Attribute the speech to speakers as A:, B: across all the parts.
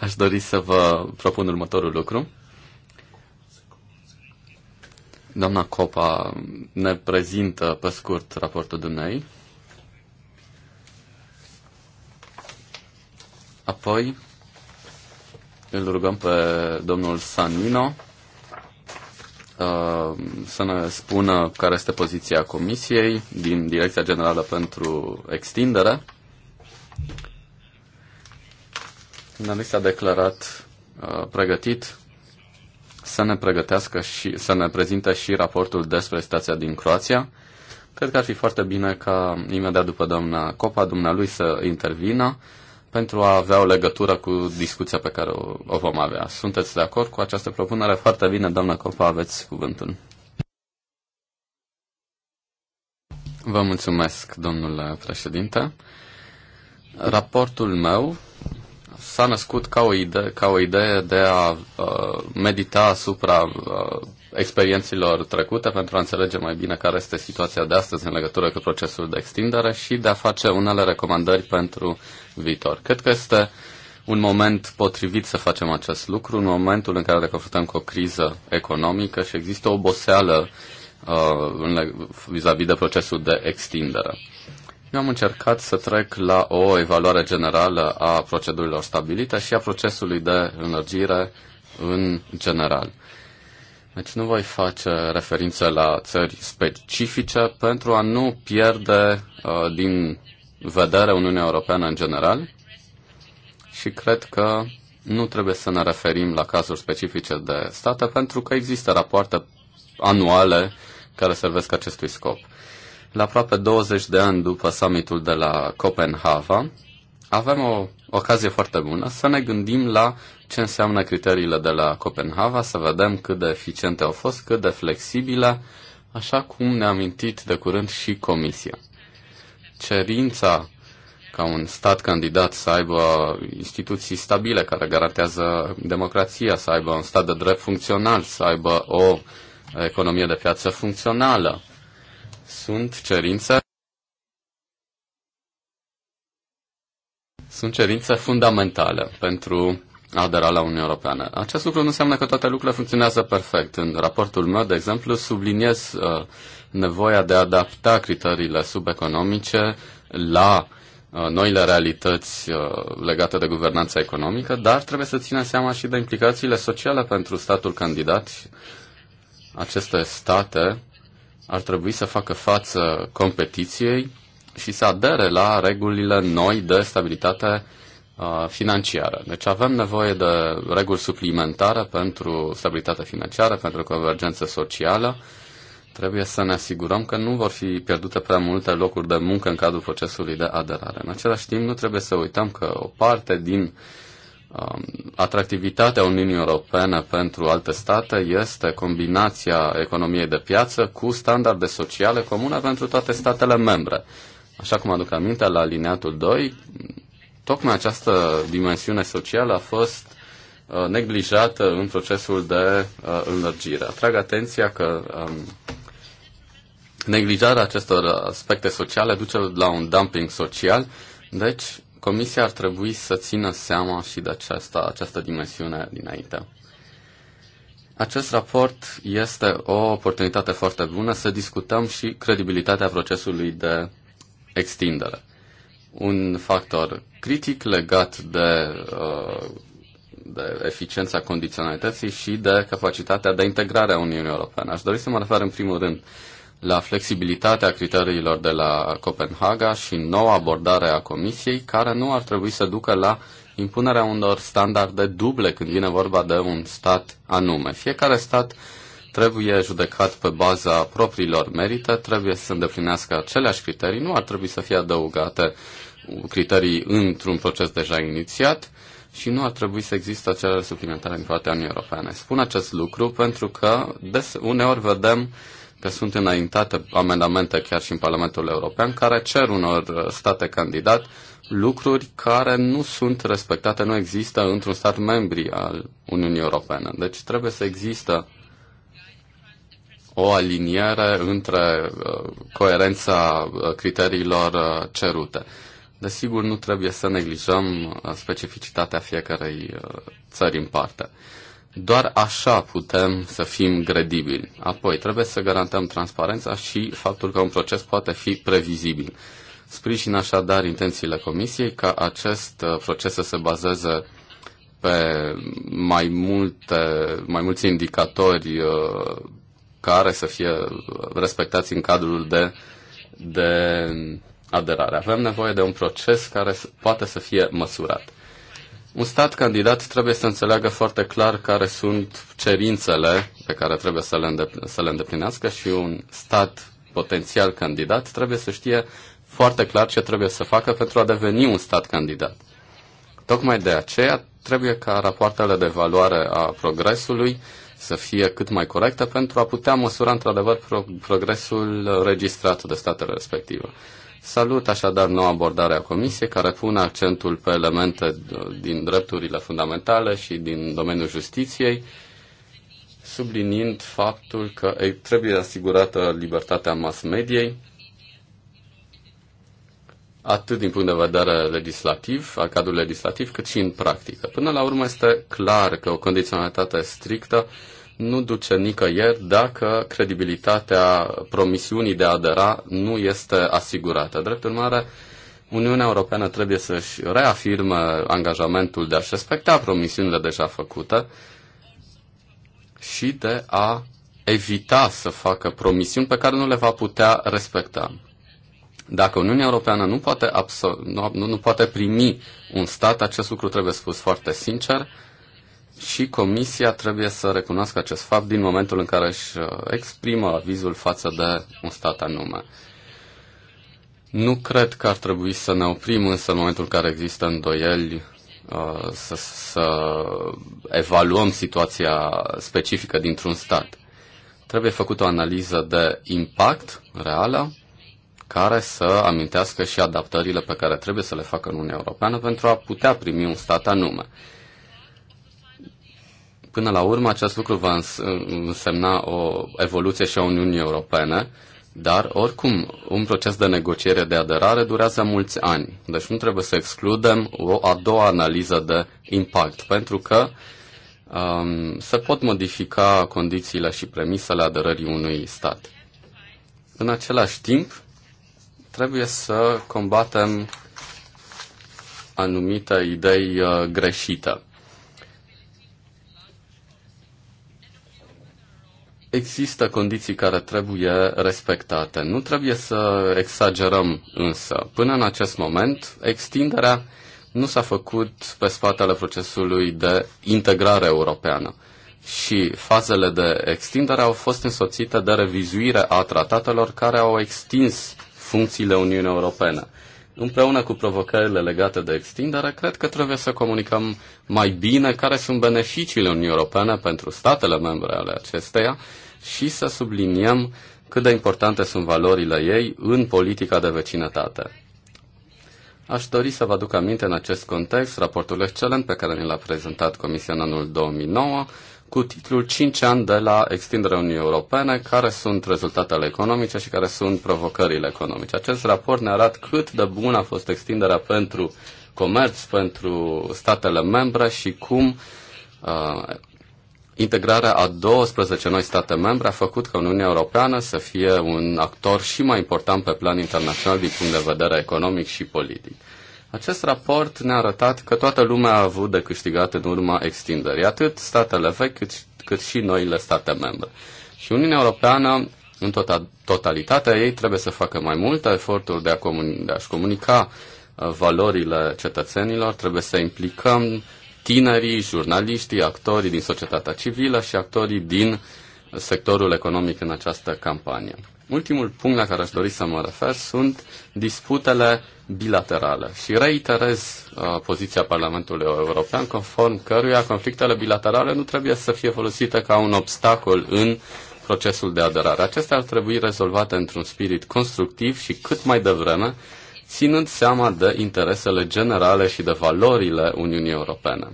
A: Aș dori să vă propun următorul lucru. Doamna Copa ne prezintă pe scurt raportul dumnei. Apoi îl rugăm pe domnul Sanino uh, să ne spună care este poziția Comisiei din Direcția Generală pentru Extindere s a declarat uh, pregătit să ne pregătească și să ne prezinte și raportul despre situația din Croația. Cred că ar fi foarte bine ca imediat după doamna Copa, dumnealui să intervină pentru a avea o legătură cu discuția pe care o, o vom avea. Sunteți de acord cu această propunere? Foarte bine, doamna Copa, aveți cuvântul. Vă mulțumesc, domnule președinte. Raportul meu s-a născut ca o idee, ca o idee de a uh, medita asupra uh, experiențelor trecute pentru a înțelege mai bine care este situația de astăzi în legătură cu procesul de extindere și de a face unele recomandări pentru viitor. Cred că este un moment potrivit să facem acest lucru, în momentul în care ne confruntăm cu o criză economică și există o oboseală uh, vis-a-vis -vis de procesul de extindere. Eu am încercat să trec la o evaluare generală a procedurilor stabilite și a procesului de înlărgire în general. Deci nu voi face referință la țări specifice pentru a nu pierde uh, din vedere Uniunea Europeană în general și cred că nu trebuie să ne referim la cazuri specifice de state pentru că există rapoarte anuale care servesc acestui scop. La aproape 20 de ani după summitul de la Copenhaga, avem o ocazie foarte bună să ne gândim la ce înseamnă criteriile de la Copenhaga, să vedem cât de eficiente au fost, cât de flexibile, așa cum ne-a amintit de curând și Comisia. Cerința ca un stat candidat să aibă instituții stabile care garantează democrația, să aibă un stat de drept funcțional, să aibă o economie de piață funcțională, sunt cerința. sunt cerința fundamentală pentru adera la Uniunea Europeană. Acest lucru nu înseamnă că toate lucrurile funcționează perfect. În raportul meu, de exemplu, subliniez uh, nevoia de a adapta criteriile subeconomice la uh, noile realități uh, legate de guvernanța economică, dar trebuie să ținem seama și de implicațiile sociale pentru statul candidat. Aceste state ar trebui să facă față competiției și să adere la regulile noi de stabilitate uh, financiară. Deci avem nevoie de reguli suplimentare pentru stabilitate financiară, pentru convergență socială. Trebuie să ne asigurăm că nu vor fi pierdute prea multe locuri de muncă în cadrul procesului de aderare. În același timp, nu trebuie să uităm că o parte din uh, Um, atractivitatea Uniunii Europene pentru alte state este combinația economiei de piață cu standarde sociale comune pentru toate statele membre. Așa cum aduc aminte la alineatul 2, tocmai această dimensiune socială a fost uh, neglijată în procesul de uh, înlărgire. Atrag atenția că um, neglijarea acestor aspecte sociale duce la un dumping social, deci Comisia ar trebui să țină seama și de aceasta, această dimensiune dinainte. Acest raport este o oportunitate foarte bună să discutăm și credibilitatea procesului de extindere. Un factor critic legat de, uh, de eficiența condiționalității și de capacitatea de integrare a Uniunii Europene. Aș dori să mă refer în primul rând la flexibilitatea criteriilor de la Copenhaga și noua abordare a Comisiei, care nu ar trebui să ducă la impunerea unor standarde duble când vine vorba de un stat anume. Fiecare stat trebuie judecat pe baza propriilor merite, trebuie să îndeplinească aceleași criterii, nu ar trebui să fie adăugate criterii într-un proces deja inițiat și nu ar trebui să există cerere suplimentare în partea Uniunii Europene. Spun acest lucru pentru că des, uneori vedem uh, că sunt înaintate amendamente chiar și în Parlamentul European care cer unor uh, state candidat lucruri care nu sunt respectate, nu există într-un stat membri al Uniunii Europene. Deci trebuie să există o aliniere între uh, coerența uh, criteriilor cerute. Desigur, nu trebuie să neglijăm specificitatea fiecarei țări în parte. Doar așa putem să fim credibili. Apoi, trebuie să garantăm transparența și faptul că un proces poate fi previzibil. Sprijin așadar intențiile Comisiei ca acest uh, proces să se bazeze pe mai, multe, mai mulți indicatori uh, care să fie respectați în cadrul de, de aderare. Avem nevoie de un proces care poate să fie măsurat. Un stat candidat trebuie să înțeleagă foarte clar care sunt cerințele pe care trebuie să le, îndep- să le îndeplinească și un stat potențial candidat trebuie să știe foarte clar ce trebuie să facă pentru a deveni un stat candidat. Tocmai de aceea trebuie ca rapoartele de evaluare a progresului să fie cât mai corecte pentru a putea măsura într-adevăr pro- progresul registrat de statele respective. Salut așadar noua abordare a Comisiei care pune accentul pe elemente din drepturile fundamentale și din domeniul justiției, subliniind faptul că trebuie asigurată libertatea mass mediei, atât din punct de vedere legislativ, al cadrului legislativ, cât și în practică. Până la urmă este clar că o condiționalitate strictă nu duce nicăieri dacă credibilitatea promisiunii de a adera nu este asigurată. Drept urmare, Uniunea Europeană trebuie să-și reafirmă angajamentul de a-și respecta promisiunile deja făcute și de a evita să facă promisiuni pe care nu le va putea respecta. Dacă Uniunea Europeană nu poate, nu, nu poate primi un stat, acest lucru trebuie spus foarte sincer, și Comisia trebuie să recunoască acest fapt din momentul în care își uh, exprimă avizul față de un stat anume. Nu cred că ar trebui să ne oprim însă în momentul în care există îndoieli uh, să, să evaluăm situația specifică dintr-un stat. Trebuie făcută o analiză de impact reală care să amintească și adaptările pe care trebuie să le facă în Uniunea Europeană pentru a putea primi un stat anume. Până la urmă, acest lucru va însemna o evoluție și a Uniunii Europene, dar, oricum, un proces de negociere de aderare durează mulți ani. Deci nu trebuie să excludem o a doua analiză de impact, pentru că um, se pot modifica condițiile și premisele aderării unui stat. În același timp, trebuie să combatem anumite idei uh, greșite. Există condiții care trebuie respectate. Nu trebuie să exagerăm însă. Până în acest moment, extinderea nu s-a făcut pe spatele procesului de integrare europeană și fazele de extindere au fost însoțite de revizuire a tratatelor care au extins funcțiile Uniunii Europene împreună cu provocările legate de extindere, cred că trebuie să comunicăm mai bine care sunt beneficiile Uniunii Europene pentru statele membre ale acesteia și să subliniem cât de importante sunt valorile ei în politica de vecinătate. Aș dori să vă aduc aminte în acest context raportul excelent pe care ni l-a prezentat Comisia în anul 2009 cu titlul 5 ani de la extinderea Uniunii Europene, care sunt rezultatele economice și care sunt provocările economice. Acest raport ne arată cât de bună a fost extinderea pentru comerț, pentru statele membre și cum uh, integrarea a 12 noi state membre a făcut ca Uniunea Europeană să fie un actor și mai important pe plan internațional din punct de vedere economic și politic. Acest raport ne-a arătat că toată lumea a avut de câștigat în urma extinderii, atât statele vechi cât, cât și noile state membre. Și Uniunea Europeană, în tota, totalitatea ei, trebuie să facă mai multe eforturi de, a comuni, de a comunica uh, valorile cetățenilor, trebuie să implicăm tinerii, jurnaliștii, actorii din societatea civilă și actorii din sectorul economic în această campanie. Ultimul punct la care aș dori să mă refer sunt disputele bilaterale și reiterez uh, poziția Parlamentului European conform căruia conflictele bilaterale nu trebuie să fie folosite ca un obstacol în procesul de aderare. Acestea ar trebui rezolvate într-un spirit constructiv și cât mai devreme, ținând seama de interesele generale și de valorile Uniunii Europene.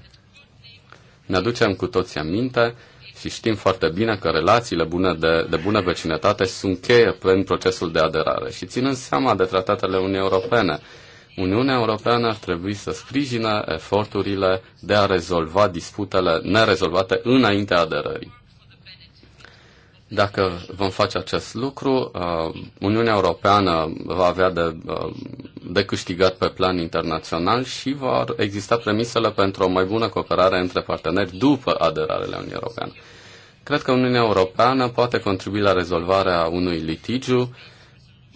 A: Ne aducem cu toții aminte și știm foarte bine că relațiile bune de, de bună vecinătate sunt cheie prin procesul de aderare. Și ținând seama de tratatele Uniunii Europene, Uniunea Europeană ar trebui să sprijină eforturile de a rezolva disputele nerezolvate înaintea aderării. Dacă vom face acest lucru, uh, Uniunea Europeană va avea de, uh, de câștigat pe plan internațional și vor exista premisele pentru o mai bună cooperare între parteneri după aderarea la Uniunea Europeană. Cred că Uniunea Europeană poate contribui la rezolvarea unui litigiu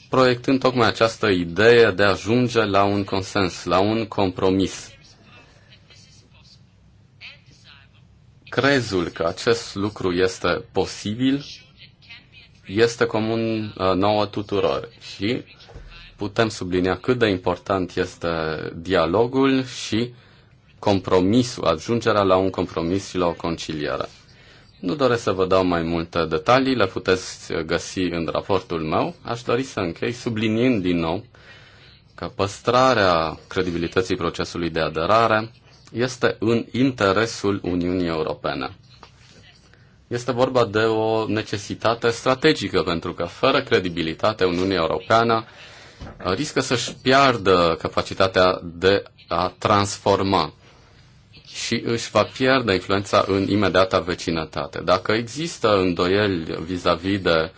A: proiectând tocmai această idee de a ajunge la un consens, la un compromis crezul că acest lucru este posibil este comun uh, nouă tuturor și putem sublinia cât de important este dialogul și compromisul, ajungerea la un compromis și la o conciliere. Nu doresc să vă dau mai multe detalii, le puteți găsi în raportul meu. Aș dori să închei subliniind din nou că păstrarea credibilității procesului de aderare este în interesul Uniunii Europene. Este vorba de o necesitate strategică, pentru că fără credibilitate Uniunea Europeană uh, riscă să-și piardă capacitatea de a transforma și își va pierde influența în imediata vecinătate. Dacă există îndoieli vis-a-vis -vis de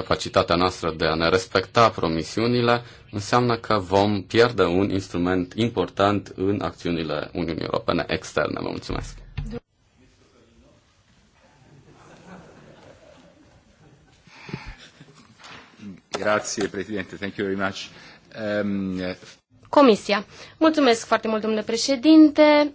A: capacitatea noastră de a ne respecta promisiunile, înseamnă că vom pierde un instrument important în acțiunile Uniunii Europene externe. Vă mulțumesc! Grazie,
B: Presidente. Thank you very much. Um...
C: Comisia. Mulțumesc foarte mult, domnule președinte.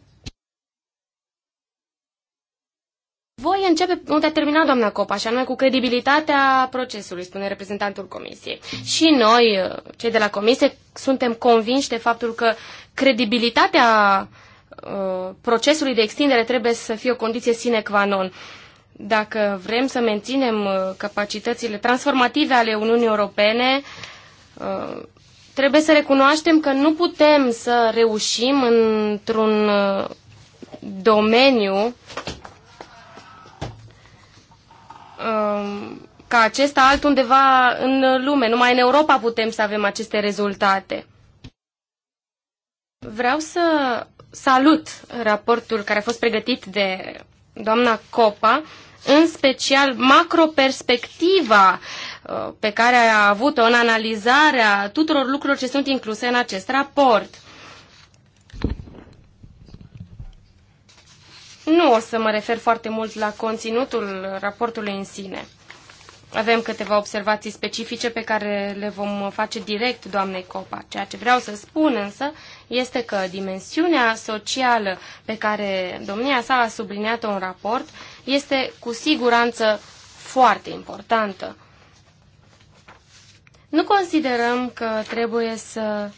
C: Voi începe unde a terminat doamna Copa, și anume cu credibilitatea procesului, spune reprezentantul Comisiei. Și noi, cei de la Comisie, suntem convinși de faptul că credibilitatea uh, procesului de extindere trebuie să fie o condiție sine qua non. Dacă vrem să menținem uh, capacitățile transformative ale Uniunii Europene, uh, trebuie să recunoaștem că nu putem să reușim într-un uh, domeniu Um, ca acesta altundeva în lume. Numai în Europa putem să avem aceste rezultate. Vreau să salut raportul care a fost pregătit de doamna Copa, în special macroperspectiva uh, pe care a avut-o în analizarea tuturor lucrurilor ce sunt incluse în acest raport. Nu o să mă refer foarte mult la conținutul raportului în sine. Avem câteva observații specifice pe care le vom face direct doamnei Copa. Ceea ce vreau să spun însă este că dimensiunea socială pe care domnia sa a subliniat-o în raport este cu siguranță foarte importantă. Nu considerăm că trebuie să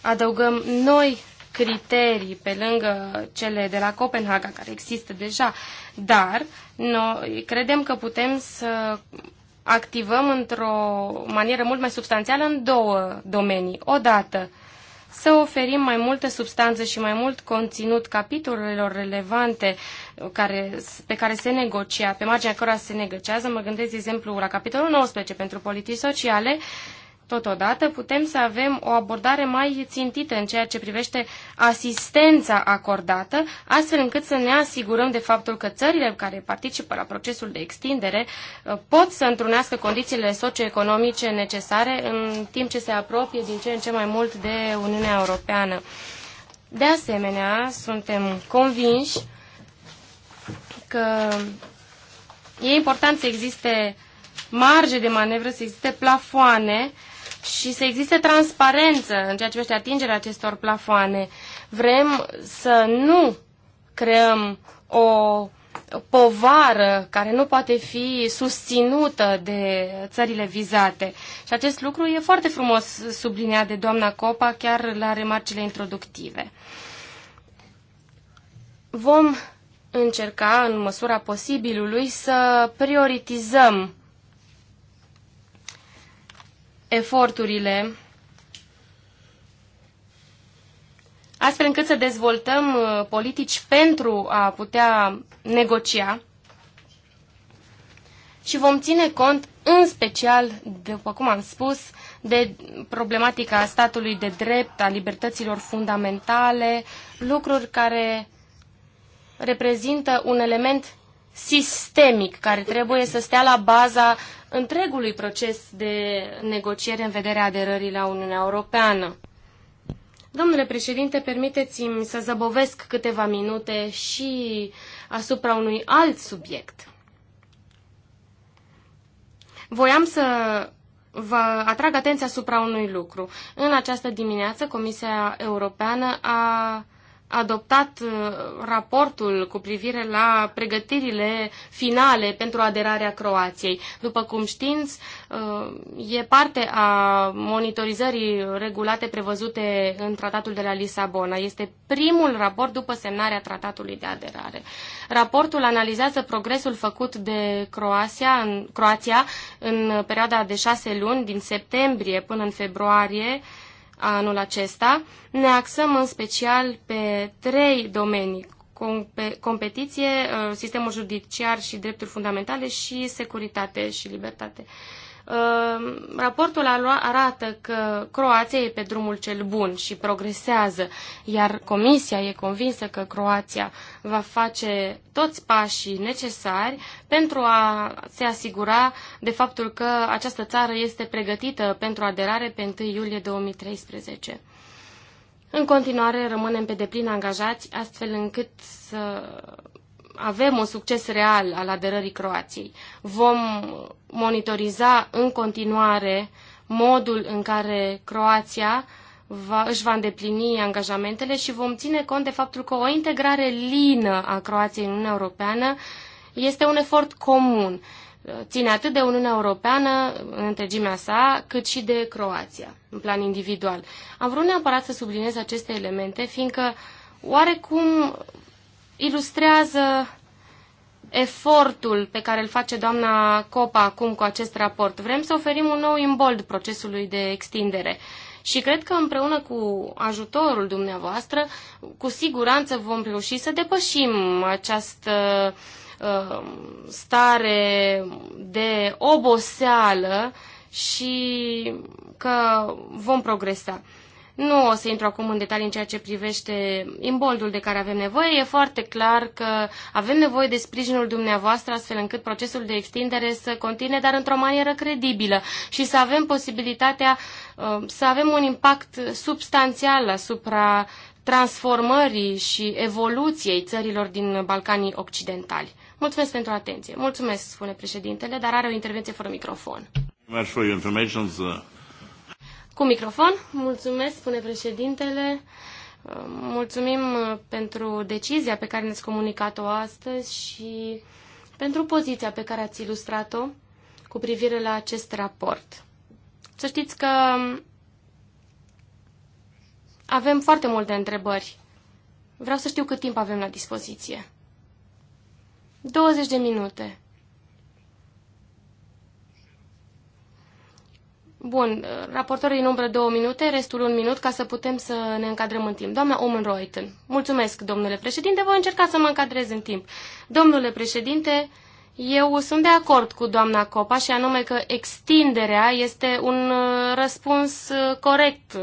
C: adăugăm noi criterii pe lângă cele de la Copenhaga care există deja, dar noi credem că putem să activăm într-o manieră mult mai substanțială în două domenii. Odată, să oferim mai multă substanță și mai mult conținut capitolelor relevante care, pe care se negocia, pe marginea cărora se negociază, mă gândesc, de exemplu, la capitolul 19 pentru politici sociale Totodată putem să avem o abordare mai țintită în ceea ce privește asistența acordată, astfel încât să ne asigurăm de faptul că țările care participă la procesul de extindere uh, pot să întrunească condițiile socioeconomice necesare în timp ce se apropie din ce în ce mai mult de Uniunea Europeană. De asemenea, suntem convinși că e important să existe marge de manevră, să existe plafoane și să existe transparență în ceea ce privește atingerea acestor plafoane. Vrem să nu creăm o povară care nu poate fi susținută de țările vizate. Și acest lucru e foarte frumos subliniat de doamna Copa chiar la remarcile introductive. Vom încerca, în măsura posibilului, să prioritizăm eforturile astfel încât să dezvoltăm uh, politici pentru a putea negocia și vom ține cont în special, după cum am spus, de problematica statului de drept, a libertăților fundamentale, lucruri care reprezintă un element sistemic care trebuie să stea la baza întregului proces de negociere în vederea aderării la Uniunea Europeană. Domnule președinte, permiteți-mi să zăbovesc câteva minute și asupra unui alt subiect. Voiam să vă atrag atenția asupra unui lucru. În această dimineață, Comisia Europeană a adoptat uh, raportul cu privire la pregătirile finale pentru aderarea Croației. După cum știți, uh, e parte a monitorizării regulate prevăzute în tratatul de la Lisabona. Este primul raport după semnarea tratatului de aderare. Raportul analizează progresul făcut de Croația în, Croația în perioada de șase luni, din septembrie până în februarie, anul acesta. Ne axăm în special pe trei domenii, competiție, uh, sistemul judiciar și drepturi fundamentale și securitate și libertate. Ehm, raportul arată că Croația e pe drumul cel bun și progresează, iar Comisia e convinsă că Croația va face toți pașii necesari pentru a se asigura de faptul că această țară este pregătită pentru aderare pe 1 iulie 2013. În continuare, rămânem pe deplin angajați, astfel încât să avem un succes real al aderării Croației. Vom monitoriza în continuare modul în care Croația va, își va îndeplini angajamentele și vom ține cont de faptul că o integrare lină a Croației în Uniunea Europeană este un efort comun. Ține atât de Uniunea Europeană în întregimea sa, cât și de Croația, în plan individual. Am vrut neapărat să subliniez aceste elemente, fiindcă oarecum ilustrează efortul pe care îl face doamna Copa acum cu acest raport. Vrem să oferim un nou imbold procesului de extindere. Și cred că împreună cu ajutorul dumneavoastră, cu siguranță vom reuși să depășim această uh, stare de oboseală și că vom progresa. Nu o să intru acum în detalii în ceea ce privește imboldul de care avem nevoie. E foarte clar că avem nevoie de sprijinul dumneavoastră astfel încât procesul de extindere să continue, dar într-o manieră credibilă și să avem posibilitatea uh, să avem un impact substanțial asupra transformării și evoluției țărilor din Balcanii Occidentali. Mulțumesc pentru atenție. Mulțumesc, spune președintele, dar are o intervenție fără microfon. Cu microfon, mulțumesc, spune președintele. Mulțumim uh, pentru decizia pe care ne-ați comunicat-o astăzi și pentru poziția pe care ați ilustrat-o cu privire la acest raport. Să știți că avem foarte multe întrebări. Vreau să știu cât timp avem la dispoziție. 20 de minute. Bun, raportorii în umbră două minute, restul un minut, ca să putem să ne încadrăm în timp. Doamna Omen Reuten, mulțumesc, domnule președinte, voi încerca să mă încadrez în timp. Domnule președinte, eu sunt de acord cu doamna Copa și anume că extinderea este un uh, răspuns uh, corect uh,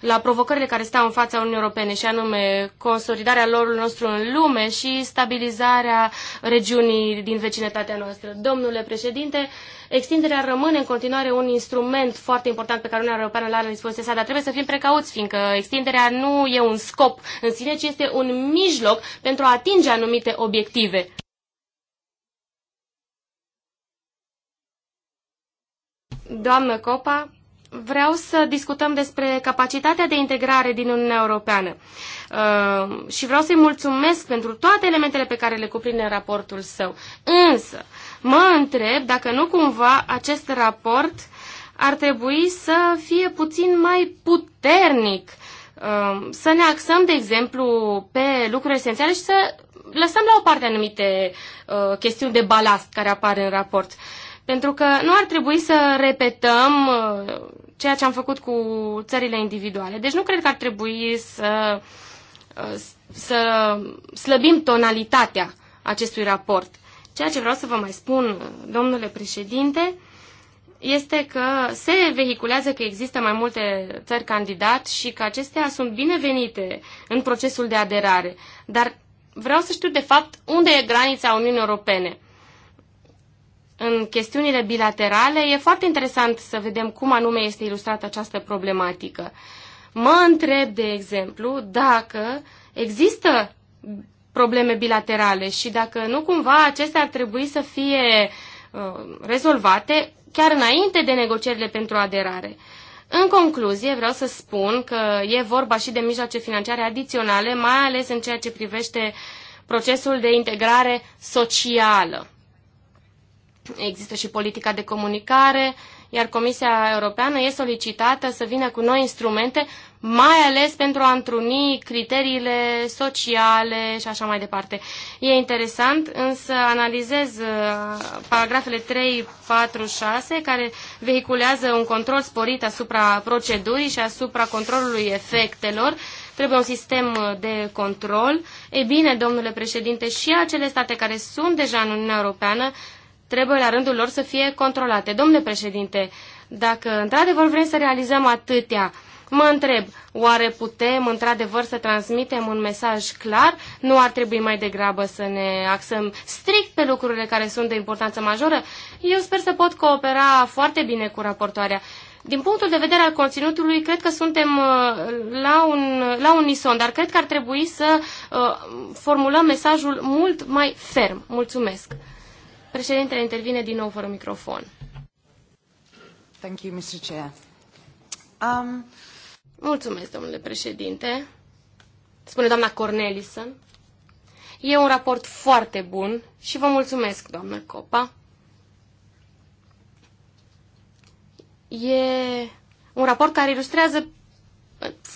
C: la provocările care stau în fața Uniunii Europene și anume consolidarea lorului nostru în lume și stabilizarea regiunii din vecinătatea noastră. Domnule președinte, extinderea rămâne în continuare un instrument foarte important pe care Uniunea Europeană l-are la dispoziție sa, dar trebuie să fim precauți, fiindcă extinderea nu e un scop în sine, ci este un mijloc pentru a atinge anumite obiective. Doamnă Copa, vreau să discutăm despre capacitatea de integrare din Uniunea Europeană. Uh, și vreau să-i mulțumesc pentru toate elementele pe care le cuprinde raportul său. Însă, mă întreb dacă nu cumva acest raport ar trebui să fie puțin mai puternic, uh, să ne axăm, de exemplu, pe lucruri esențiale și să lăsăm la o parte anumite uh, chestiuni de balast care apar în raport. Uh, pentru că nu ar trebui să repetăm uh, ceea ce am făcut cu țările individuale. Deci nu cred că ar trebui să, uh, să slăbim tonalitatea acestui raport. Ceea ce vreau să vă mai spun, uh, domnule președinte, este că se vehiculează că există mai multe țări candidat și că acestea sunt binevenite în procesul de aderare. Dar vreau să știu, de fapt, unde e granița Uniunii Europene în chestiunile bilaterale, e foarte interesant să vedem cum anume este ilustrată această problematică. Mă întreb, de exemplu, dacă există probleme bilaterale și dacă nu cumva acestea ar trebui să fie uh, rezolvate chiar înainte de negocierile pentru aderare. În concluzie, vreau să spun că e vorba și de mijloace financiare adiționale, mai ales în ceea ce privește procesul de integrare socială. Există și politica de comunicare, iar Comisia Europeană e solicitată să vină cu noi instrumente, mai ales pentru a întruni criteriile sociale și așa mai departe. E interesant, însă analizez uh, paragrafele 3, 4, 6, care vehiculează un control sporit asupra procedurii și asupra controlului efectelor, trebuie un sistem uh, de control. E bine, domnule președinte, și acele state care sunt deja în Uniunea Europeană trebuie la rândul lor să fie controlate. Domnule președinte, dacă într-adevăr vrem să realizăm atâtea, mă întreb, oare putem într-adevăr să transmitem un mesaj clar? Nu ar trebui mai degrabă să ne axăm strict pe lucrurile care sunt de importanță majoră? Eu sper să pot coopera foarte bine cu raportoarea. Din punctul de vedere al conținutului, cred că suntem uh, la un, la un ison, dar cred că ar trebui să uh, formulăm mesajul mult mai ferm. Mulțumesc! Președintele intervine din nou fără microfon. Thank you, Mr. Chair. Um... Mulțumesc, domnule președinte. Spune doamna Cornelison. E un raport foarte bun și vă mulțumesc, doamnă Copa. E un raport care ilustrează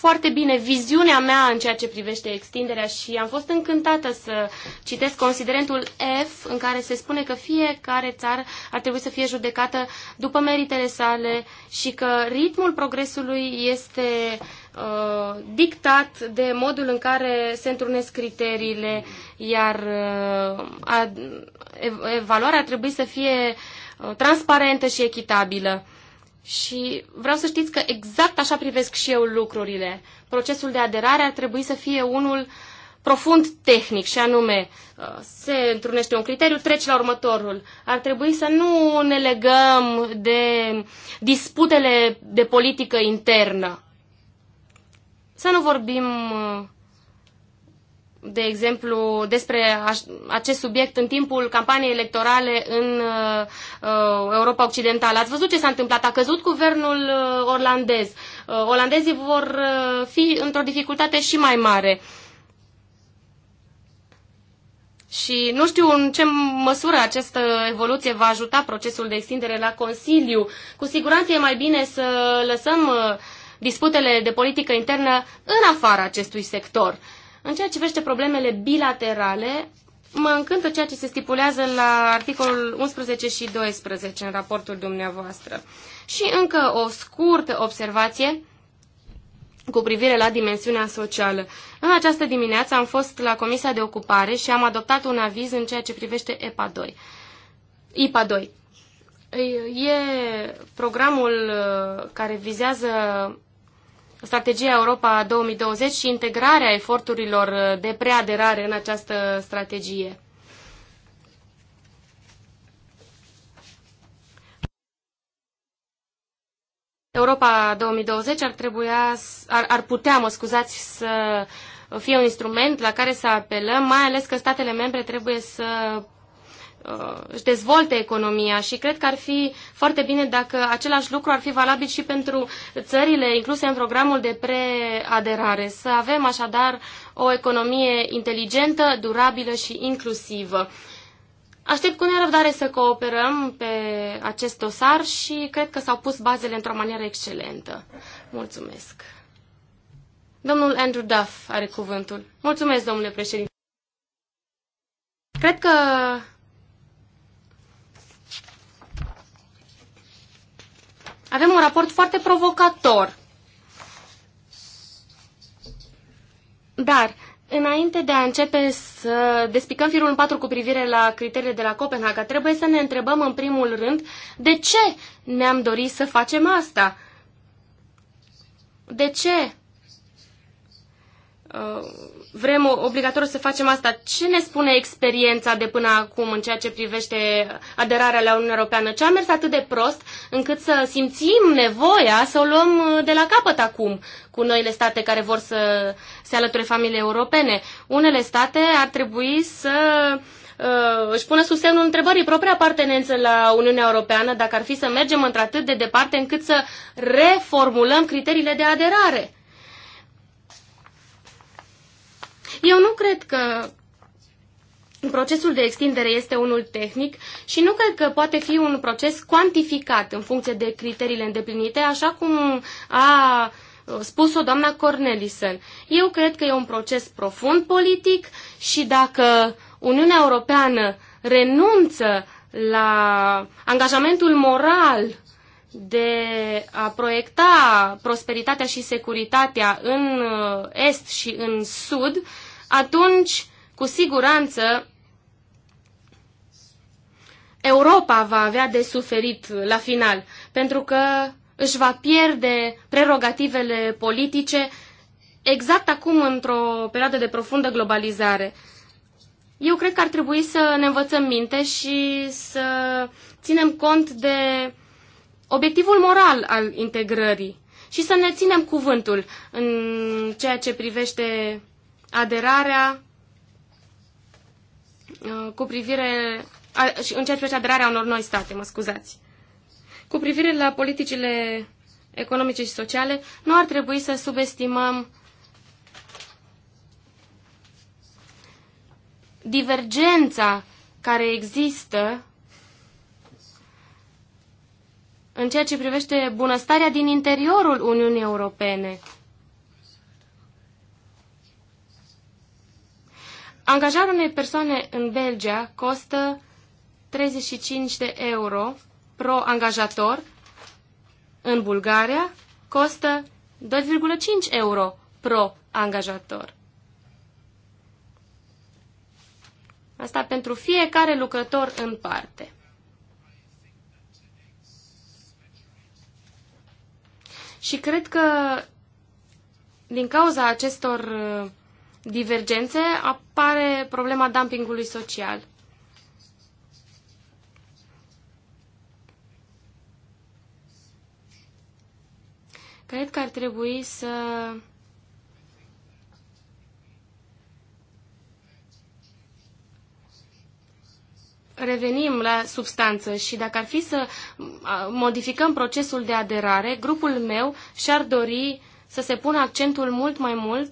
C: foarte bine viziunea mea în ceea ce privește extinderea și am fost încântată să citesc considerentul F în care se spune că fiecare țară ar trebui să fie judecată după meritele sale și că ritmul progresului este uh, dictat de modul în care se întrunesc criteriile, iar uh, a, evaluarea ar trebui să fie uh, transparentă și echitabilă. Și vreau să știți că exact așa privesc și eu lucrurile. Procesul de aderare ar trebui să fie unul profund tehnic și anume uh, se întrunește un criteriu, treci la următorul. Ar trebui să nu ne legăm de disputele de politică internă. Să nu vorbim uh, de exemplu, despre acest subiect în timpul campaniei electorale în uh, uh, Europa Occidentală. Ați văzut ce s-a întâmplat? A căzut guvernul uh, olandez. Olandezii vor fi într-o dificultate și mai mare. Și nu știu în ce măsură această evoluție va ajuta procesul de extindere la Consiliu. Cu siguranță e mai bine să lăsăm disputele de politică internă în afara acestui sector. În ceea ce vește problemele bilaterale, mă încântă ceea ce se stipulează la articolul 11 și 12 în raportul dumneavoastră. Și încă o scurtă observație cu privire la dimensiunea socială. În această dimineață am fost la Comisia de Ocupare și am adoptat un aviz în ceea ce privește EPA 2. IPA 2. E programul uh, care vizează strategia Europa 2020 și integrarea eforturilor de preaderare în această strategie. Europa 2020 ar, trebuia, ar, ar putea, mă scuzați, să fie un instrument la care să apelăm, mai ales că statele membre trebuie să uh, își dezvolte economia și cred că ar fi foarte bine dacă același lucru ar fi valabil și pentru țările incluse în programul de preaderare. Să avem așadar o economie inteligentă, durabilă și inclusivă. Aștept cu nerăbdare să cooperăm pe acest dosar și cred că s-au pus bazele într-o manieră excelentă. Mulțumesc. Domnul Andrew Duff are cuvântul. Mulțumesc, domnule președinte. Cred că Avem un raport foarte provocator. Dar, înainte de a începe să despicăm firul în patru cu privire la criteriile de la Copenhaga, trebuie să ne întrebăm în primul rând de ce ne-am dorit să facem asta. De ce Uh, vrem obligatoriu să facem asta. Ce ne spune experiența de până acum în ceea ce privește aderarea la Uniunea Europeană? Ce a mers atât de prost încât să simțim nevoia să o luăm uh, de la capăt acum cu noile state care vor să se alăture familiei europene? Unele state ar trebui să uh, își pună sub semnul întrebării propria apartenență la Uniunea Europeană dacă ar fi să mergem într-atât de departe încât să reformulăm criteriile de aderare. Eu nu cred că procesul de extindere este unul tehnic și nu cred că poate fi un proces cuantificat în funcție de criteriile îndeplinite, așa cum a spus-o doamna Cornelison. Eu cred că e un proces profund politic și dacă Uniunea Europeană renunță la angajamentul moral de a proiecta prosperitatea și securitatea în uh, est și în sud, atunci, cu siguranță, Europa va avea de suferit la final, pentru că își va pierde prerogativele politice exact acum într-o perioadă de profundă globalizare. Eu cred că ar trebui să ne învățăm minte și să ținem cont de obiectivul moral al integrării și să ne ținem cuvântul în ceea ce privește aderarea uh, cu privire și în ceea ce privește aderarea unor noi state, mă scuzați. Cu privire la politicile economice și sociale, nu ar trebui să subestimăm divergența care există în ceea ce privește bunăstarea din interiorul Uniunii Europene. Angajarea unei persoane în Belgia costă 35 de euro pro angajator, în Bulgaria costă 2,5 euro pro angajator. Asta pentru fiecare lucrător în parte. Și cred că din cauza acestor uh, divergențe apare problema dumpingului social. Cred că ar trebui să revenim la substanță și dacă ar fi să modificăm procesul de aderare, grupul meu și-ar dori să se pună accentul mult mai mult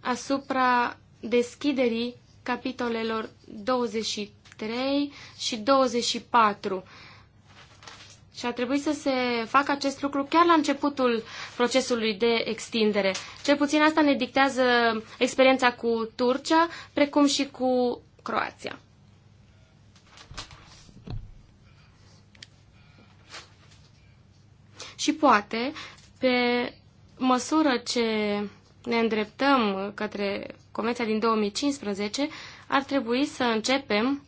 C: asupra deschiderii capitolelor 23 și 24. Și a trebuit să se facă acest lucru chiar la începutul procesului de extindere. Cel puțin asta ne dictează experiența cu Turcia, precum și cu Croația. Și poate, pe măsură ce ne îndreptăm către Convenția din 2015, ar trebui să începem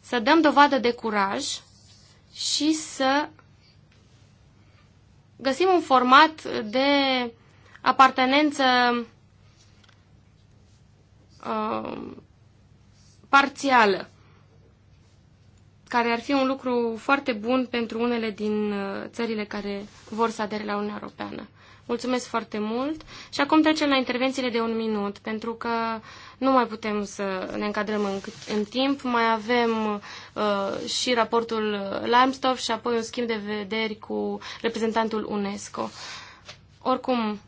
C: să dăm dovadă de curaj și să găsim un format de apartenență uh, parțială care ar fi un lucru foarte bun pentru unele din uh, țările care vor să adere la Uniunea Europeană. Mulțumesc foarte mult și acum trecem la intervențiile de un minut, pentru că nu mai putem să ne încadrăm în, în timp. Mai avem uh, și raportul Limestop și apoi un schimb de vederi cu reprezentantul UNESCO. Oricum,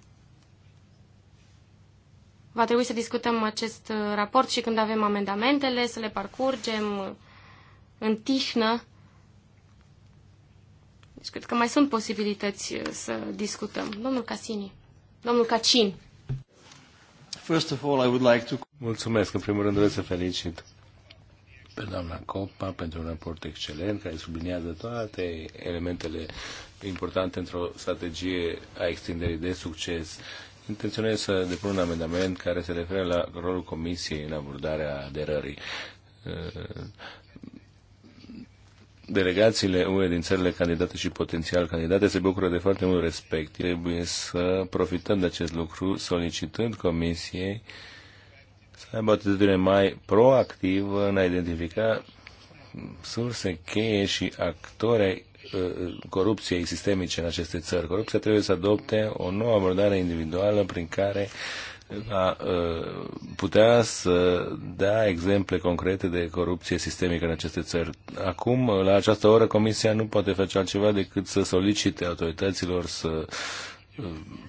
C: va trebui să discutăm acest uh, raport și când avem amendamentele, să le parcurgem în tihnă. Deci cred că mai sunt posibilități uh, să discutăm. Domnul Casini, domnul Cacin.
B: First of all, I would like to... Mulțumesc. În primul rând vreau să felicit pe doamna Copa pentru un raport excelent care subliniază toate elementele importante într-o strategie a extinderii de succes. Intenționez să depun un amendament care se referă la rolul Comisiei în abordarea aderării. Uh, delegațiile UE din țările candidate și potențial candidate se bucură de foarte mult respect. Trebuie să profităm de acest lucru solicitând Comisiei să aibă o atitudine mai proactivă în a identifica surse cheie și actore uh, corupției sistemice în aceste țări. Corupția trebuie să adopte o nouă abordare individuală prin care va putea să dea exemple concrete de corupție sistemică în aceste țări. Acum, la această oră, Comisia nu poate face altceva decât să solicite autorităților să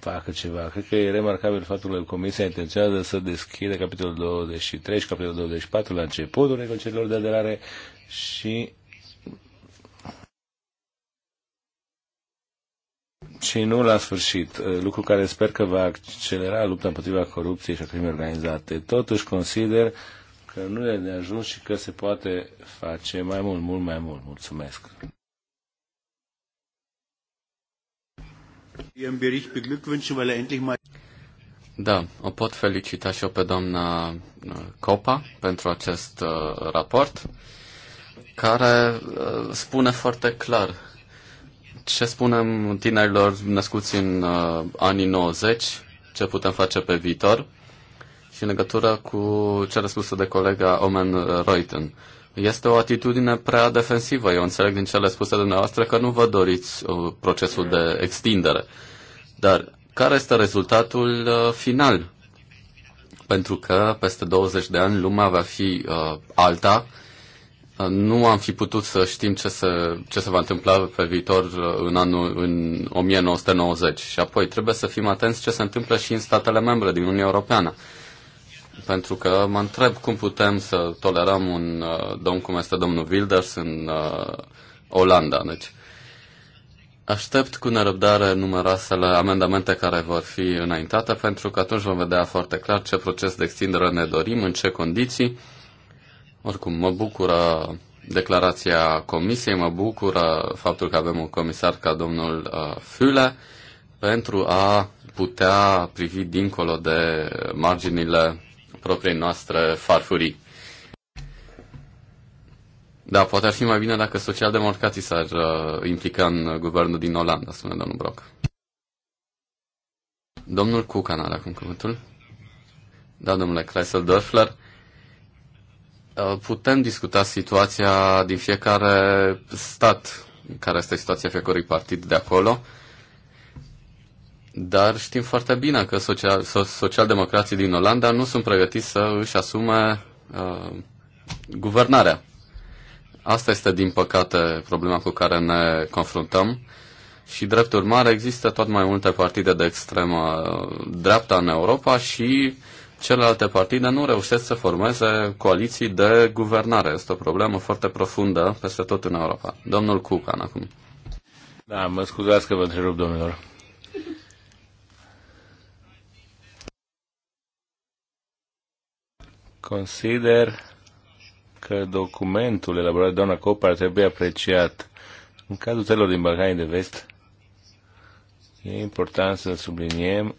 B: facă ceva. Cred că e remarcabil faptul că Comisia intenționează să deschidă capitolul 23 și capitolul 24 la începutul negocierilor de aderare și și nu la sfârșit, uh, lucru care sper că va accelera lupta împotriva corupției și a crimei organizate. Totuși consider că nu e de ajuns și că se poate face mai mult,
A: mult mai mult. Mulțumesc! Da, o pot felicita și eu pe doamna uh, Copa pentru acest uh, raport, care spune foarte clar ce spunem tinerilor născuți în uh, anii 90? Ce putem face pe viitor? Și în legătură cu ce răspunsă de colega Omen Reuten. Este o atitudine prea defensivă. Eu înțeleg din cele spuse dumneavoastră că nu vă doriți uh, procesul de extindere. Dar care este rezultatul uh, final? Pentru că peste 20 de ani lumea va fi uh, alta nu am fi putut să știm ce se, ce se va întâmpla pe viitor uh, în anul în 1990. Și apoi trebuie să fim atenți ce se întâmplă și în statele membre din Uniunea Europeană. Pentru că mă întreb cum putem să tolerăm un uh, domn cum este domnul Wilders în uh, Olanda. Deci, aștept cu nerăbdare numeroasele amendamente care vor fi înaintate, pentru că atunci vom vedea foarte clar ce proces de extindere ne dorim, în ce condiții oricum, mă bucură declarația comisiei, mă bucură faptul că avem un comisar ca domnul uh, Füle pentru a putea privi dincolo de marginile propriei noastre farfurii. Da, poate ar fi mai bine dacă socialdemocrații s-ar uh, implica în guvernul din Olanda, spune domnul Brock. Domnul Cucan are acum cuvântul. Da, domnule Kreisel Dörfler. Uh, putem discuta situația din fiecare stat, care este situația fiecărui partid de acolo, dar știm foarte bine că social, socialdemocrații din Olanda nu sunt pregătiți să își asume uh, guvernarea. Asta este, din păcate, problema cu care ne confruntăm și, drept urmare, există tot mai multe partide de extremă uh, dreapta în Europa și uh, celelalte partide nu reușesc să formeze coaliții de guvernare. Este o problemă foarte profundă peste tot în Europa. Domnul Cucan acum. Da, mă scuzați că vă întrerup, domnilor.
B: Consider că documentul elaborat de doamna Copa ar trebui apreciat. În cazul celor din Balcanii de Vest, e important să subliniem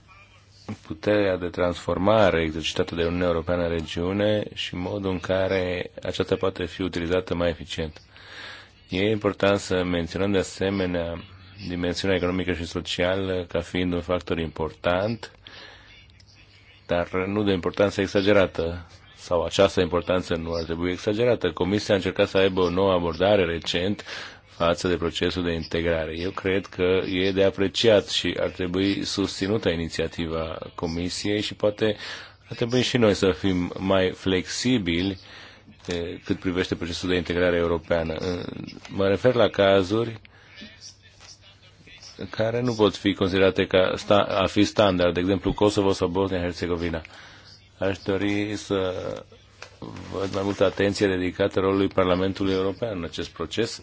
B: puterea de transformare exercitată de Uniunea Europeană în regiune și modul în care aceasta poate fi utilizată mai eficient. E important să menționăm de asemenea dimensiunea economică și socială ca fiind un factor important, dar nu de importanță exagerată sau această importanță nu ar trebui exagerată. Comisia a încercat să aibă o nouă abordare recent față de procesul de integrare. Eu cred că e de apreciat și ar trebui susținută inițiativa Comisiei și poate ar trebui și noi să fim mai flexibili cât privește procesul de integrare europeană. Mă refer la cazuri care nu pot fi considerate ca sta, a fi standard, de exemplu Kosovo sau Bosnia-Herzegovina. Aș dori să văd mai multă atenție dedicată rolului Parlamentului European în acest proces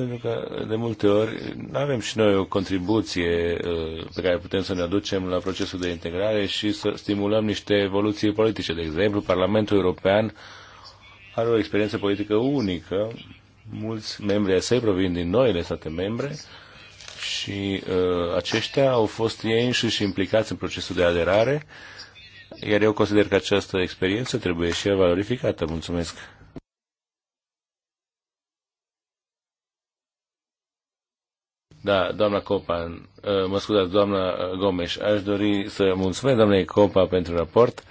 B: pentru că de multe ori nu avem și noi o contribuție uh, pe care putem să ne aducem la procesul de integrare și să stimulăm niște evoluții politice. De exemplu, Parlamentul European are o experiență politică unică. Mulți membri ai săi provin din noile state membre și uh, aceștia au fost ei înșiși implicați în procesul de aderare, iar eu consider că această experiență trebuie și ea valorificată. Mulțumesc! Da, doamna Copan, uh, mă scuzați, doamna uh, Gomes, aș dori să mulțumesc doamnei Copa pentru raport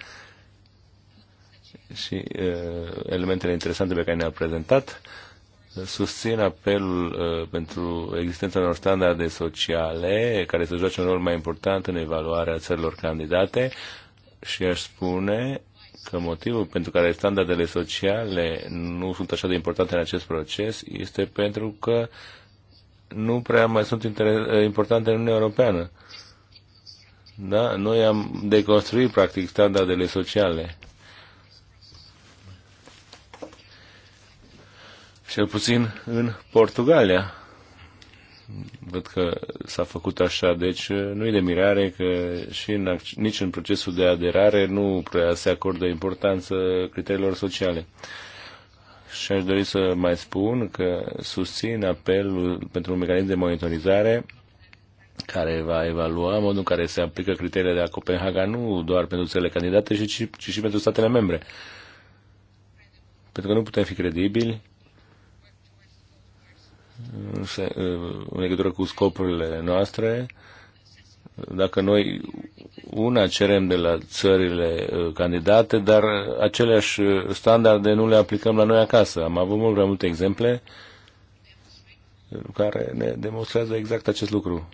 B: și uh, elementele interesante pe care ne-a prezentat. Susțin apelul uh, pentru existența unor standarde sociale care să joace un rol mai important în evaluarea țărilor candidate și aș spune că motivul pentru care standardele sociale nu sunt așa de importante în acest proces este pentru că uh, nu prea mai sunt eh, importante în Uniunea Europeană. Da? Noi am deconstruit, practic, standardele sociale. Cel puțin în Portugalia. Văd că s-a făcut așa, deci eh, nu e de mirare că și în, nici în procesul de aderare nu prea se acordă importanță criteriilor sociale. Uh, și aș dori să mai spun că susțin apelul pentru un mecanism de monitorizare care va evalua modul în care se aplică criteriile de la Copenhaga nu doar pentru țările candidate, ci, ci și pentru statele membre. Pentru că nu putem fi credibili în legătură cu scopurile noastre dacă noi una cerem de la țările uh, candidate, dar aceleași uh, standarde nu le aplicăm la noi acasă. Am avut mult prea multe exemple care ne demonstrează exact acest lucru.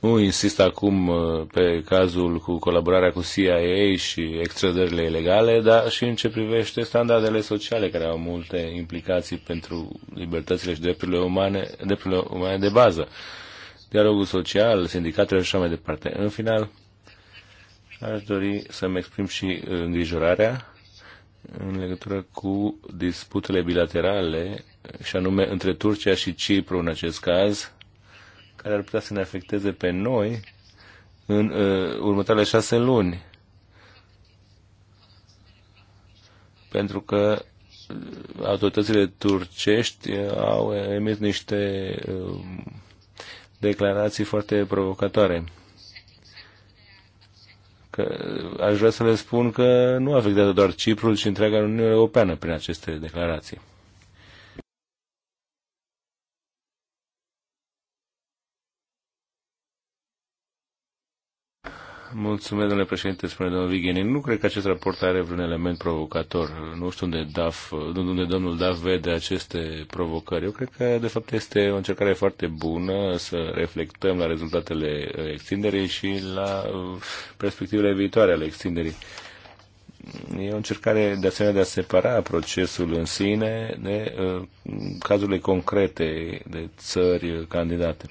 B: Nu insist acum uh, pe cazul cu colaborarea cu CIA și extrădările ilegale, dar și în ce privește standardele sociale, care au multe implicații pentru libertățile și drepturile umane, drepturile umane de bază. Dialogul social, sindicatele și așa mai departe. În final, aș dori să-mi exprim și îngrijorarea în legătură cu disputele bilaterale, și anume între Turcia și Cipru în acest caz, care ar putea să ne afecteze pe noi în uh, următoarele șase luni. Pentru că uh, autoritățile turcești uh, au emis niște uh, declarații foarte provocatoare. Că uh, aș vrea să le spun că nu afectează doar Ciprul, ci întreaga Uniune Europeană prin aceste declarații. Mulțumesc, domnule președinte, spune domnul Vigenin. Nu cred că acest raport are vreun element provocator. Nu știu unde, DAF, unde domnul DAF vede aceste provocări. Eu cred că, de fapt, este o încercare foarte bună să reflectăm la rezultatele extinderii și la uh, perspectivele viitoare ale extinderii. E o încercare de asemenea de a separa procesul în sine de uh, cazurile concrete de țări candidate.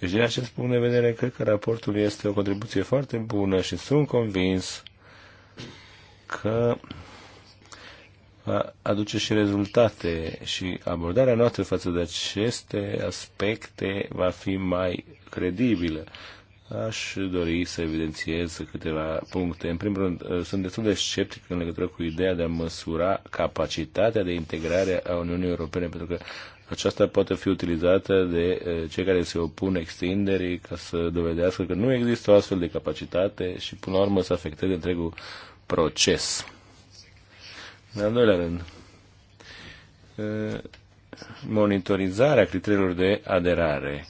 B: Deci, din acest punct de vedere, cred că raportul este o contribuție foarte bună și sunt convins că va aduce și rezultate și abordarea noastră față de aceste aspecte va fi mai credibilă. Aș dori să evidențiez câteva puncte. În primul rând, sunt destul de sceptic în legătură cu ideea de a măsura capacitatea de integrare a Uniunii Europene, pentru că aceasta poate fi utilizată de eh, cei care se opun extinderii ca să dovedească că nu există o astfel de capacitate și până la urmă să afecteze întregul proces. În al doilea rând, eh, monitorizarea criteriilor de aderare.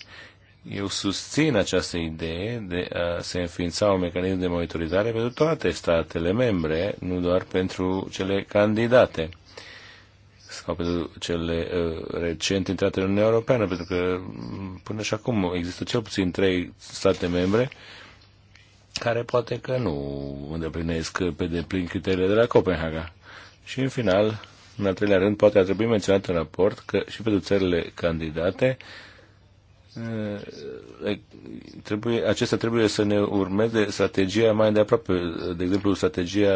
B: Eu susțin această idee de a se înființa un mecanism de monitorizare pentru toate statele membre, nu doar pentru cele candidate au pentru cele uh, recent intrate în Uniunea Europeană, pentru că mm, până și acum există cel puțin trei state membre care poate că nu îndeplinesc pe deplin criteriile de la Copenhaga. Și în final, în al treilea rând, poate ar trebui menționat în raport că și pentru țările candidate uh, Eh, trebuie, acestea trebuie să ne urmeze strategia mai de aproape. De exemplu, strategia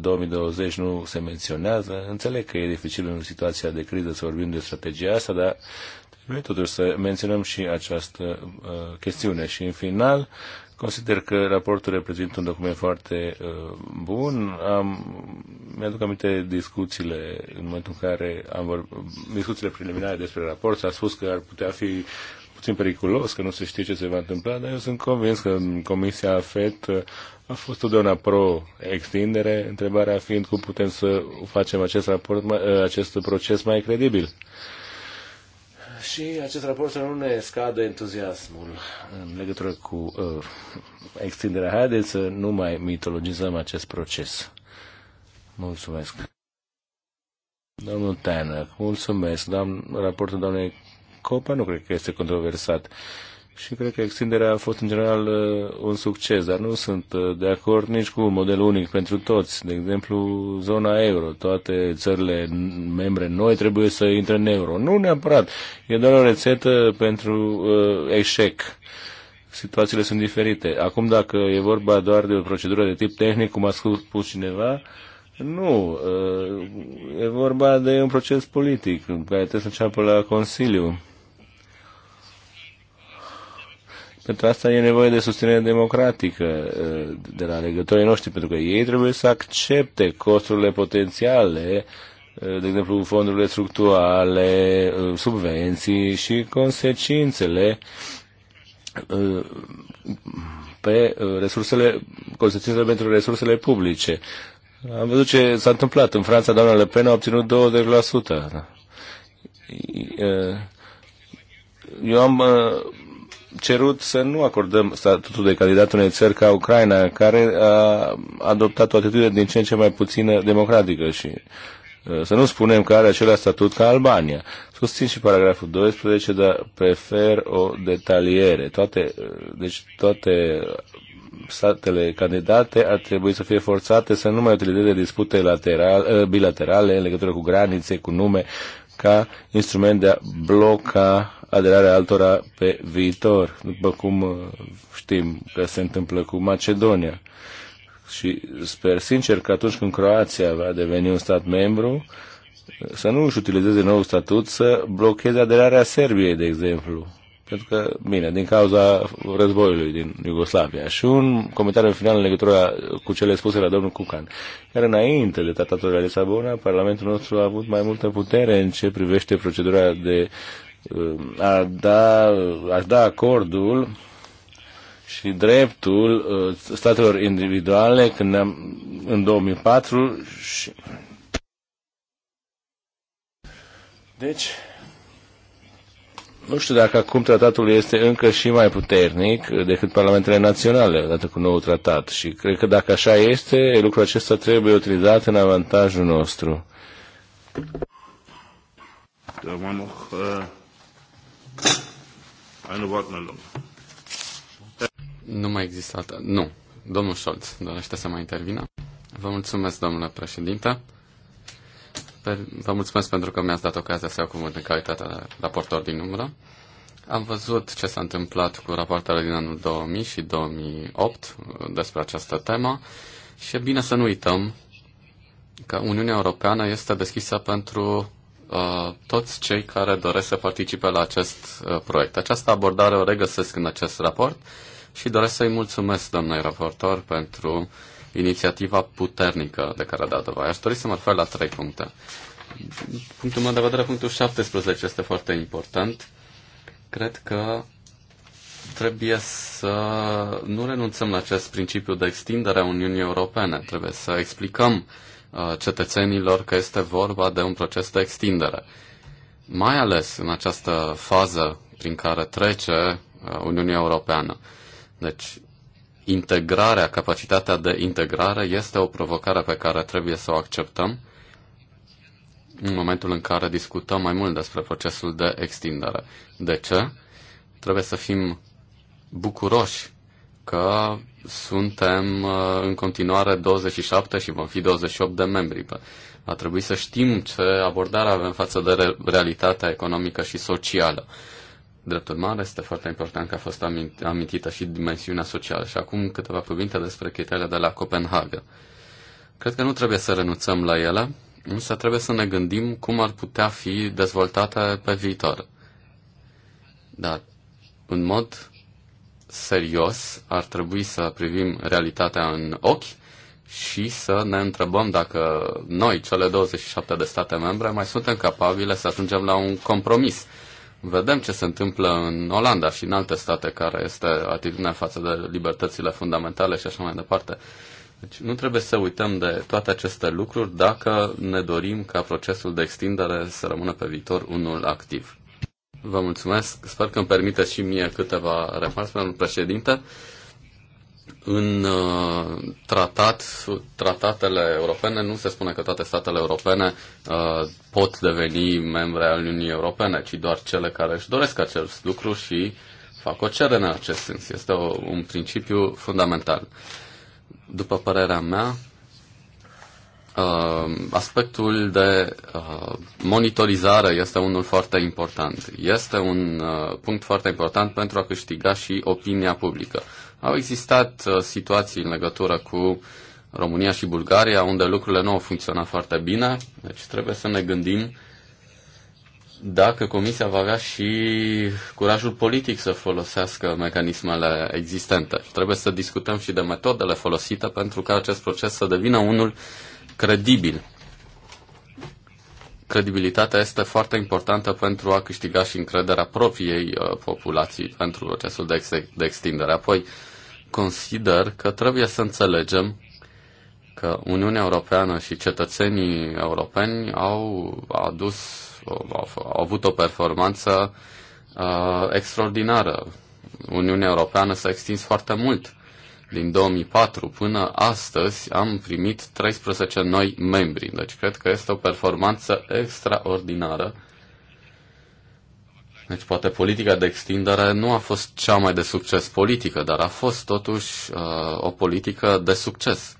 B: 2020 eh, nu se menționează. Înțeleg că e dificil în situația de criză să vorbim de strategia asta, dar trebuie totuși să menționăm și această uh, chestiune. Și în final, consider că raportul reprezintă un document foarte uh, bun. Am, mi-aduc aminte discuțiile în momentul în care am vorbit, discuțiile preliminare despre raport. S-a spus că ar putea fi puțin periculos, că nu se știe ce se va întâmpla, dar eu sunt convins că Comisia FET uh, a fost totdeauna pro-extindere, întrebarea fiind cum putem să facem acest, raport, uh, acest proces mai credibil. Și acest raport să nu ne scadă entuziasmul în legătură cu uh, extinderea. Haideți să nu mai mitologizăm acest proces. Mulțumesc. Domnul Tanăc, mulțumesc. Doamn, raportul doamnei COPA nu cred că este controversat. Și cred că extinderea a fost în general uh, un succes, dar nu sunt uh, de acord nici cu un model unic pentru toți. De exemplu, zona euro, toate țările membre noi trebuie să intre în euro. Nu neapărat, e doar o rețetă pentru uh, eșec situațiile sunt diferite. Acum, dacă e vorba doar de o procedură de tip tehnic, cum a spus cineva, nu. Uh, e vorba de un proces politic care trebuie să înceapă la Consiliu. pentru asta e nevoie de susținere democratică uh, de la legătorii noștri, pentru că ei trebuie să accepte costurile potențiale, uh, de exemplu fondurile structurale, uh, subvenții și consecințele pe resursele, consecințele pentru resursele publice. Am văzut ce s-a întâmplat. În Franța, doamna Le Pen a obținut 20%. Eu am cerut să nu acordăm statutul de candidat unei țări ca Ucraina, care a adoptat o atitudine din ce în ce mai puțină democratică și uh, să nu spunem că are același statut ca Albania. Susțin și paragraful 12, dar prefer o detaliere. Toate, uh, deci toate statele candidate ar trebui să fie forțate să nu mai utilizeze dispute lateral, uh, bilaterale în legătură cu granițe, cu nume, ca instrument de a bloca aderarea altora pe viitor, după cum uh, știm că se întâmplă cu Macedonia. Și sper sincer că atunci când Croația va deveni un stat membru, să nu își utilizeze nou statut să blocheze aderarea Serbiei, de exemplu. Pentru că, bine, din cauza războiului din Iugoslavia. Și un comentariu în final în legătură cu cele spuse la domnul Cucan. Iar înainte de tratatul de la Lisabona, Parlamentul nostru a avut mai multă putere în ce privește procedura de a da, aș da acordul și dreptul uh, statelor individuale când am, în 2004 și... Deci, nu știu dacă acum tratatul este încă și mai puternic decât parlamentele naționale, odată cu nou tratat. Și cred că dacă așa este, lucrul acesta trebuie utilizat în avantajul nostru.
A: Da, mă, uh... Eine Wortmeldung. Nu mai există Nu. Domnul Scholz dorește să mai intervină. Vă mulțumesc, domnule președinte. Vă mulțumesc pentru că mi-ați dat ocazia să iau cuvânt în calitatea de raportor din umbră. Am văzut ce s-a întâmplat cu rapoartele din anul 2000 și 2008 uh, despre această temă și e bine să nu uităm că Uniunea Europeană este deschisă pentru Uh, toți cei care doresc să participe la acest uh, proiect. Această abordare o regăsesc în acest raport și doresc să-i mulțumesc, domnului raportor, pentru inițiativa puternică de care a dat dovadă. Aș dori să mă refer la trei puncte. Punctul meu de vedere, punctul 17 este foarte important. Cred că trebuie să nu renunțăm la acest principiu de extindere a Uniunii Europene. Trebuie să explicăm uh, Uh, cetățenilor că este vorba de un proces de extindere. Mai ales în această fază prin care trece uh, Uniunea Europeană. Deci, integrarea, capacitatea de integrare este o provocare pe care trebuie să o acceptăm în momentul în care discutăm mai mult despre procesul de extindere. De ce? Trebuie să fim bucuroși că suntem uh, în continuare 27 și vom fi 28 de membri. A trebuit să știm ce abordare avem față de realitatea economică și socială. Drept urmare, este foarte important că a fost amintită și dimensiunea socială. Și acum câteva cuvinte despre criteriile de la Copenhaga. Cred că nu trebuie să renunțăm la ele, însă trebuie să ne gândim cum ar putea fi dezvoltate pe viitor. Dar, în mod serios, ar trebui să privim realitatea în ochi și să ne întrebăm dacă noi, cele 27 de state membre, mai suntem capabile să ajungem la un compromis. Vedem ce se întâmplă în Olanda și în alte state care este atitudinea față de libertățile fundamentale și așa mai departe. Deci nu trebuie să uităm de toate aceste lucruri dacă ne dorim ca procesul de extindere să rămână pe viitor unul activ. Vă mulțumesc. Sper că îmi permite și mie câteva remarci, domnul președinte. În uh, tratat, tratatele europene nu se spune că toate statele europene uh, pot deveni membre al Uniunii Europene, ci doar cele care își doresc acest lucru și fac o cerere în acest sens. Este o, un principiu fundamental. După părerea mea, Uh, aspectul de uh, monitorizare este unul foarte important. Este un uh, punct foarte important pentru a câștiga și opinia publică. Au existat situații în legătură cu România și Bulgaria unde lucrurile nu au funcționat foarte bine, deci trebuie să ne gândim dacă Comisia va avea și curajul politic să folosească mecanismele existente. Trebuie să discutăm și de metodele folosite pentru ca acest proces să devină unul uh, credibil. Credibilitatea este foarte importantă pentru a câștiga și încrederea propriei uh, populații pentru procesul de, ex- de extindere. Apoi, consider că trebuie să înțelegem că Uniunea Europeană și cetățenii europeni au adus, au, au avut o performanță uh, extraordinară. Uniunea Europeană s-a extins foarte mult din 2004 până astăzi am primit 13 noi membri, deci cred că este o performanță extraordinară. Deci poate politica de extindere nu a fost cea mai de succes politică, dar a fost totuși uh, o politică de succes.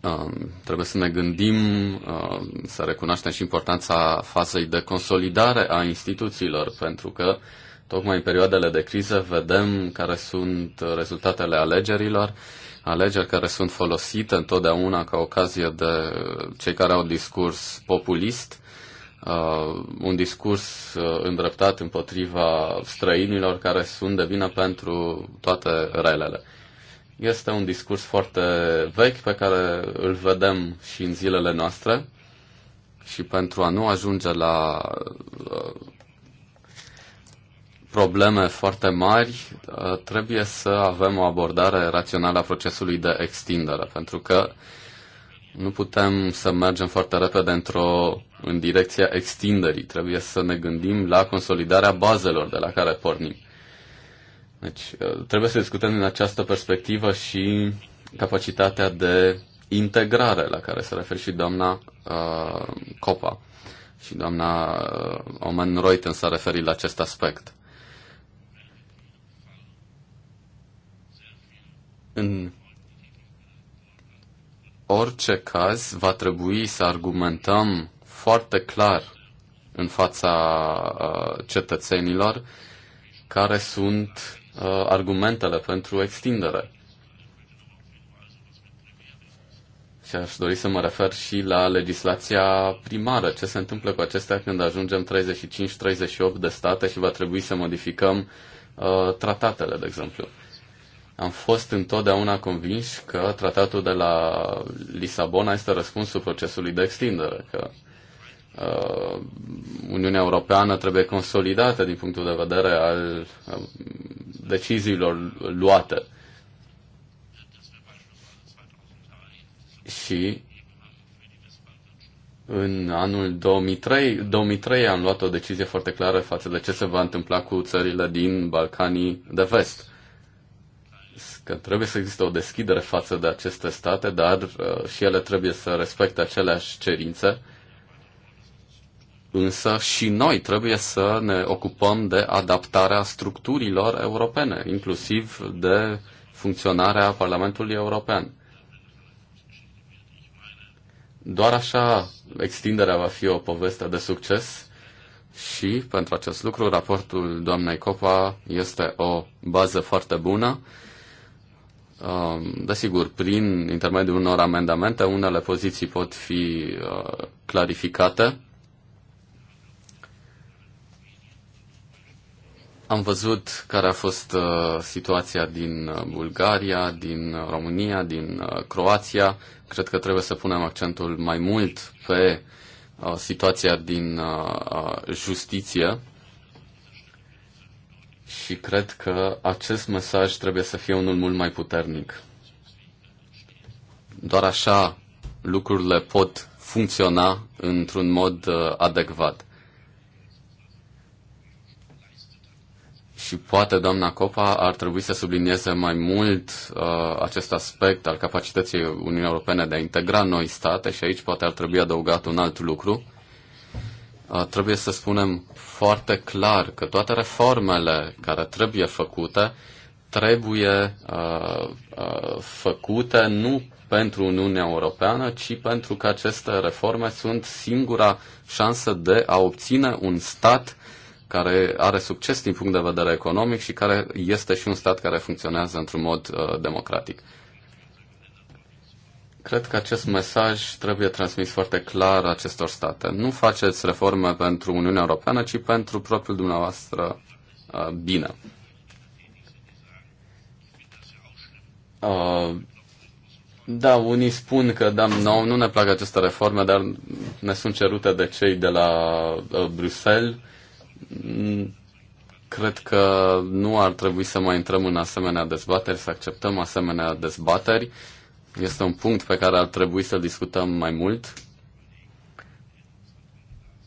A: Uh, trebuie să ne gândim, uh, să recunoaștem și importanța fazei de consolidare a instituțiilor, pentru că uh, Tocmai în perioadele de criză vedem care sunt rezultatele alegerilor, alegeri care sunt folosite întotdeauna ca ocazie de cei care au discurs populist, uh, un discurs uh, îndreptat împotriva străinilor care sunt de vină pentru toate relele. Este un discurs foarte vechi pe care îl vedem și în zilele noastre și pentru a nu ajunge la uh, probleme foarte mari, uh, trebuie să avem o abordare rațională a procesului de extindere, pentru că nu putem să mergem foarte repede într-o, în direcția extinderii. Trebuie să ne gândim la consolidarea bazelor de la care pornim. Deci, uh, trebuie să discutăm din această perspectivă și capacitatea de integrare la care se referă și doamna uh, Copa și doamna uh, Omen Reuten s-a referit la acest aspect. În orice caz, va trebui să argumentăm foarte clar în fața cetățenilor care sunt argumentele pentru extindere. Și aș dori să mă refer și la legislația primară. Ce se întâmplă cu acestea când ajungem 35-38 de state și va trebui să modificăm uh, tratatele, de exemplu? am fost întotdeauna convinși că tratatul de la Lisabona este răspunsul procesului de extindere, că uh, Uniunea Europeană trebuie consolidată din punctul de vedere al uh, deciziilor luate. Și în anul 2003, 2003 am luat o decizie foarte clară față de ce se va întâmpla cu țările din Balcanii de Vest că trebuie să existe o deschidere față de aceste state, dar uh, și ele trebuie să respecte aceleași cerințe. Însă și noi trebuie să ne ocupăm de adaptarea structurilor europene, inclusiv de funcționarea Parlamentului European. Doar așa extinderea va fi o poveste de succes și pentru acest lucru raportul doamnei Copa este o bază foarte bună Um, desigur, prin intermediul unor amendamente, unele poziții pot fi uh, clarificate. Am văzut care a fost uh, situația din uh, Bulgaria, din România, din Croația. Cred că trebuie să punem accentul mai mult pe situația din justiție și cred că acest mesaj trebuie să fie unul mult mai puternic. Doar așa lucrurile pot funcționa într-un mod uh, adecvat. Și poate doamna Copa ar trebui să sublinieze mai mult uh, acest aspect al capacității Uniunii Europene de a integra noi state și aici poate ar trebui adăugat un alt lucru. Uh, trebuie să spunem foarte clar că toate reformele care trebuie făcute trebuie uh, uh, făcute nu pentru Uniunea Europeană, ci pentru că aceste reforme sunt singura șansă de a obține un stat care are succes din punct de vedere economic și care este și un stat care funcționează într-un mod uh, democratic. Cred că acest mesaj trebuie transmis foarte clar acestor state. Nu faceți reforme pentru Uniunea Europeană, ci pentru propriul dumneavoastră uh, bine. Uh, da, unii spun că da, nou, nu ne plac aceste reforme, dar ne sunt cerute de cei de la uh, Bruxelles. Mm, cred că nu ar trebui să mai intrăm în asemenea dezbateri, să acceptăm asemenea dezbateri. Uh, este un punct pe care ar trebui să discutăm mai mult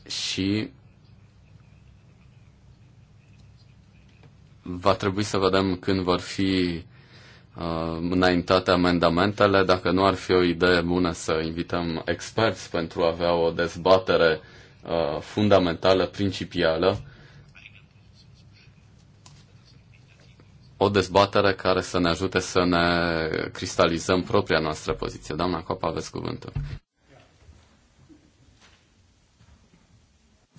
A: și va trebui să vedem când vor fi uh, înaintate amendamentele, dacă nu ar fi o idee bună să invităm experți pentru a avea o dezbatere uh, fundamentală, principială, o dezbatere care să ne ajute să ne cristalizăm propria noastră poziție. Doamna Copa, aveți cuvântul.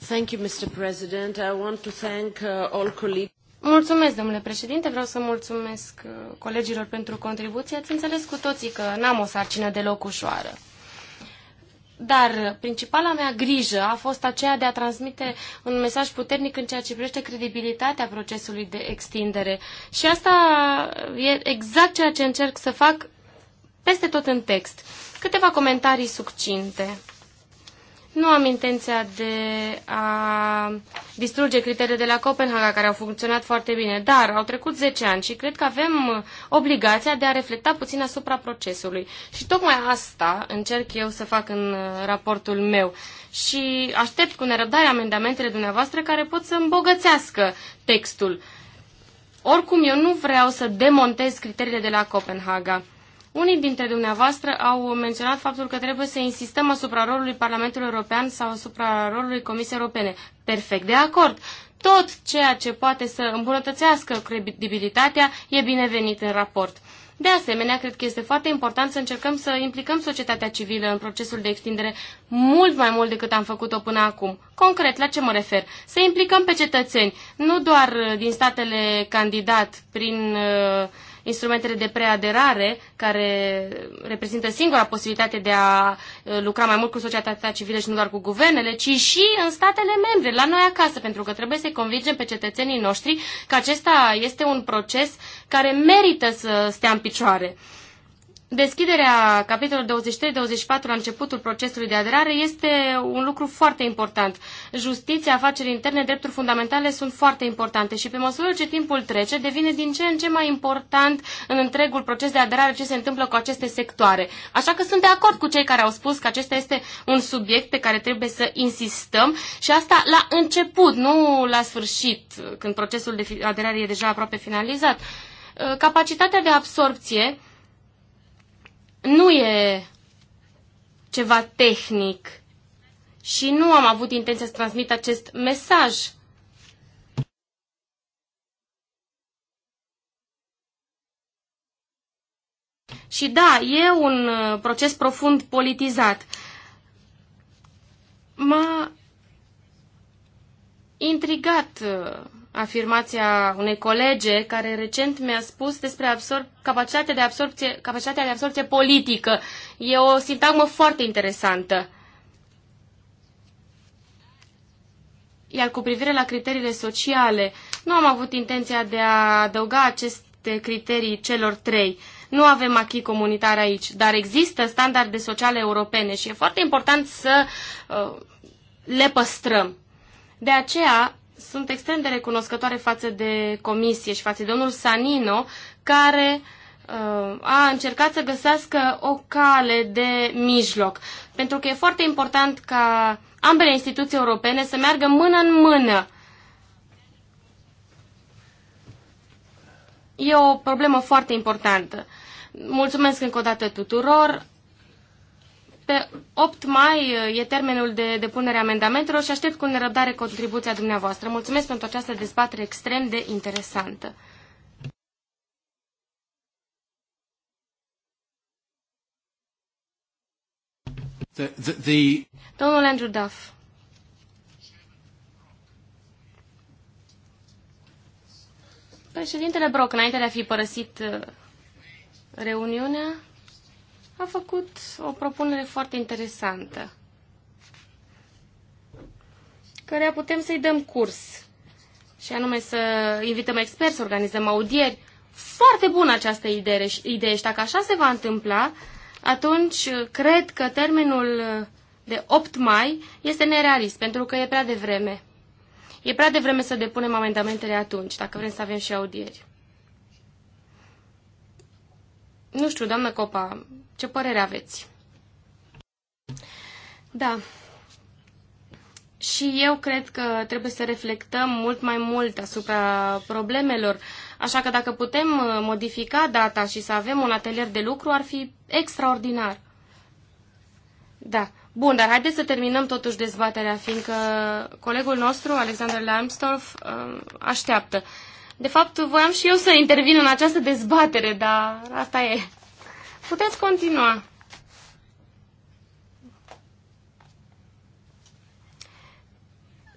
C: Thank you, Mr. President. I want to thank uh, all colleagues. Mulțumesc, domnule președinte. Vreau să mulțumesc uh, colegilor pentru contribuție. Ați înțeles cu toții că n-am o sarcină deloc ușoară. Dar principala mea grijă a fost aceea de a transmite un mesaj puternic în ceea ce privește credibilitatea procesului de extindere. Și asta e exact ceea ce încerc să fac peste tot în text. Câteva comentarii succinte. Nu am intenția de a distruge criteriile de la Copenhaga, care au funcționat foarte bine, dar au trecut 10 ani și cred că avem obligația de a reflecta puțin asupra procesului. Și tocmai asta încerc eu să fac în uh, raportul meu. Și aștept cu nerăbdare amendamentele dumneavoastră care pot să îmbogățească textul. Oricum, eu nu vreau să demontez criteriile de la Copenhaga. Unii dintre dumneavoastră au menționat faptul că trebuie să insistăm asupra rolului Parlamentului European sau asupra rolului Comisiei Europene. Perfect de acord. Tot ceea ce poate să îmbunătățească credibilitatea e binevenit în raport. De asemenea, cred că este foarte important să încercăm să implicăm societatea civilă în procesul de extindere mult mai mult decât am făcut-o până acum. Concret, la ce mă refer? Să implicăm pe cetățeni, nu doar uh, din statele candidat prin uh, instrumentele de preaderare, care reprezintă singura posibilitate de a lucra mai mult cu societatea civilă și nu doar cu guvernele, ci și în statele membre, la noi acasă, pentru că trebuie să-i convingem pe cetățenii noștri că acesta este un proces care merită să stea în picioare. Deschiderea capitolului 23-24 la începutul procesului de aderare este un lucru foarte important. Justiția, afaceri interne, drepturi fundamentale sunt foarte importante și pe măsură ce timpul trece devine din ce în ce mai important în întregul proces de aderare ce se întâmplă cu aceste sectoare. Așa că sunt de acord cu cei care au spus că acesta este un subiect pe care trebuie să insistăm și asta la început, nu la sfârșit, când procesul de aderare e deja aproape finalizat. Capacitatea de absorpție nu e ceva tehnic și nu am avut intenția să transmit acest mesaj. Și da, e un uh, proces profund politizat. M-a intrigat uh, afirmația unei colege care recent mi-a spus despre absorb, capacitatea, de absorpție, capacitatea de absorpție politică. E o sintagmă foarte interesantă. Iar cu privire la criteriile sociale, nu am avut intenția de a adăuga aceste criterii celor trei. Nu avem achii comunitar aici, dar există standarde sociale europene și e foarte important să uh, le păstrăm. De aceea sunt extrem de recunoscătoare față de comisie și față de domnul Sanino, care uh, a încercat să găsească o cale de mijloc. Pentru că e foarte important ca ambele instituții europene să meargă mână în mână. E o problemă foarte importantă. Mulțumesc încă o dată tuturor. Pe 8 mai e termenul de depunere a amendamentelor și aștept cu nerăbdare contribuția dumneavoastră. Mulțumesc pentru această dezbatere extrem de interesantă.
A: The, the, the...
C: Domnul Andrew Duff. Președintele Brock, înainte de a fi părăsit uh, reuniunea, a făcut o propunere foarte interesantă, care putem să-i dăm curs, și anume să invităm experți, să organizăm audieri. Foarte bună această idee, idee și dacă așa se va întâmpla, atunci uh, cred că termenul uh, de 8 mai este nerealist, pentru că e prea devreme. E prea devreme să depunem amendamentele atunci, dacă vrem să avem și audieri. Nu știu, doamnă Copa, ce părere aveți? Da. Și eu cred că trebuie să reflectăm mult mai mult asupra problemelor. Așa că dacă putem uh, modifica data și să avem un atelier de lucru, ar fi extraordinar. Da. Bun, dar haideți să terminăm totuși dezbaterea, fiindcă colegul nostru, Alexander Lambsdorff, uh, așteaptă. De fapt, voiam și eu să intervin în această dezbatere, dar asta e. Puteți continua.